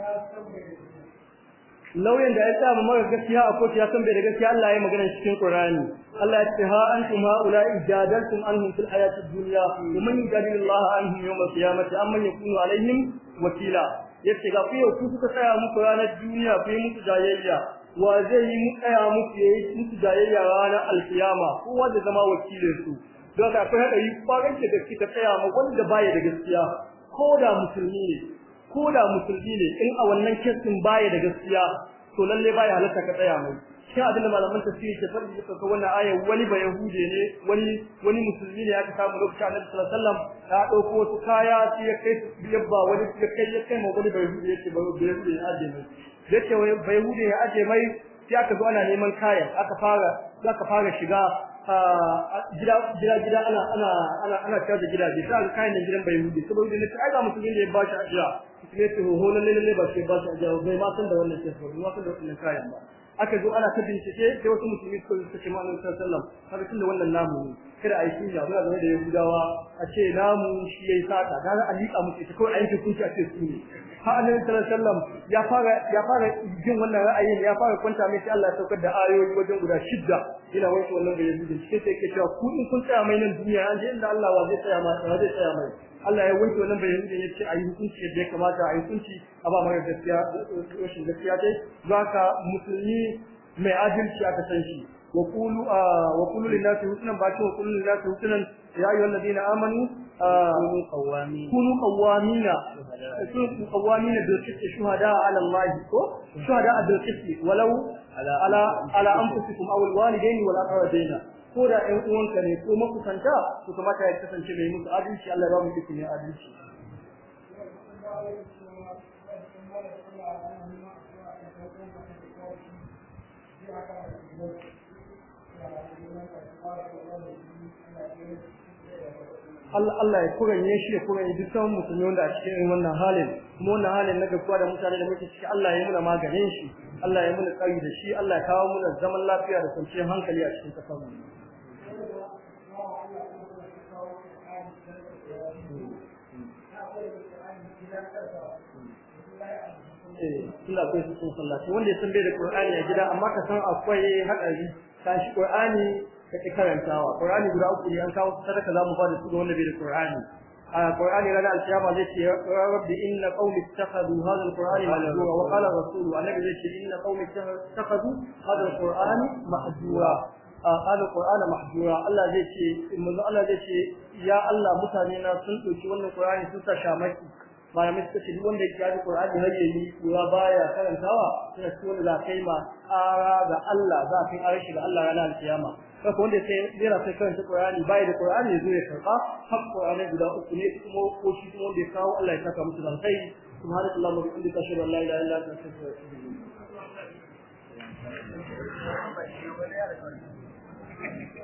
Thank you. lauyan da ya sa mu mara gaskiya a kotu ya san bai da gaskiya Allah ya yi magana cikin Qur'ani Allah ya ce ha antum ula'i jadaltum anhum fil hayatid dunya wa man yujadilullahu anhum yawm al-qiyamati amma yakunu alaihim wakila yace ga ku yau kuka tsaya muku ranar duniya ku yi muku jayayya wa zai yi tsaya muku yayi muku jayayya ranar al-qiyama kowa da zama wakilin su don haka akwai hadari kwarai da tsaya ma wanda baya da gaskiya ko da musulmi ne ko da musulmi ne in a wannan kesin baya da gaskiya to lalle baya halatta ka tsaya mai shi abin da malaman tafsiri ke faɗi suka ga wannan ayar wani ba yahude ne wani wani musulmi ne ya ka samu lokacin Annabi sallallahu alaihi wasallam ya dauko wasu kaya sai ya kai yabba wani ya kai ya kai mai wani ba yahude yake ba yahude ya aje mai yace ba yahude ya aje mai sai aka zo ana neman kayan aka fara aka fara shiga gida gida ana ana ana ana kaza gida bi sai kayan da gidan bai hudu saboda ne ai ga mutum ne ba shi ajiya ne to ho nan lalle ne ba shi ba shi ajiya bai ma san da wannan ce ko ma san da wannan kayan ba aka zo ana ta bincike sai wasu musulmi suka zo suka ce malamin sallallahu alaihi wasallam wannan namu ne kada a yi kunya muna game da yahudawa a ce namu shi yayi sata da a liƙa musu ita kawai a yanke kunci a ce su ne har annabi sallallahu alaihi wasallam ya fara ya fara jin wannan ra'ayin ya fara kwanta mai Allah ya saukar da ayoyi wajen guda shidda ina wanke wannan da yanzu shi sai ke cewa ku in kun tsaya mai nan duniya an je inda Allah wa zai tsaya ma wa zai tsaya mai Allah ya wanke wannan bayanin da yace ayi hukunci da ya kamata ayi hukunci a ba mara gaskiya rashin gaskiya dai zaka musulmi mai adalci aka san shi wa qulu ah, wa qulu lin nasi husnan ba ce wa qulu lin nasi husnan ya ayyuhal ladina amanu kunu qawwamina kunu qawwamina bil qisti shuhada ala Allah ko shuhada bil qisti walau ala ala ala anfusikum aw alwalidain wal aqrabina ko da ɗan uwanka ne ko makusanta kuma ta ya kasance mai musu adalci Allah ya ba mu ne adalci Thank you. Allah ya kuranye shi ya kuranye duk sauran musulmi wanda a cikin wannan halin kuma wannan halin na gaskiya da mutane da muke ciki Allah ya muna maganin shi Allah ya muna tsari da shi Allah ya kawo muna zaman lafiya da kwanciyar hankali a cikin kasar mu tunda eh, akwai su sun sallaci wanda ya san bai da Qur'ani a gida amma ka san akwai haɗari ka shi Qur'ani kake karantawa qur'ani guda uku ne an kawo sadaka zamu ba da su ga wanda bai da qur'ani القرآن لنا القيامة ذكي رب إن قوم اتخذوا هذا القرآن مهجورا وقال الرسول النبي ذكي إن قوم اتخذوا هذا القرآن مهجورا هذا allah zai الله ya allah mutane na sun الله wannan سنتو sun sa سنتا شامكي ما يمسك duk wanda yake yaji Qur'ani har yi kuwa baya karantawa sai su wani lakai ma ara ga Allah za ka yi arshi ga Allah ranar kiyama kaka wanda sai yana sai karanta Qur'ani bai da Qur'ani yazo ya karba har Qur'ani guda uku ne kuma ko shi kuma wanda ya kawo Allah ya saka musu zantai subhanallahi wa bihamdihi ashhadu la ilaha illa anta astaghfiruka wa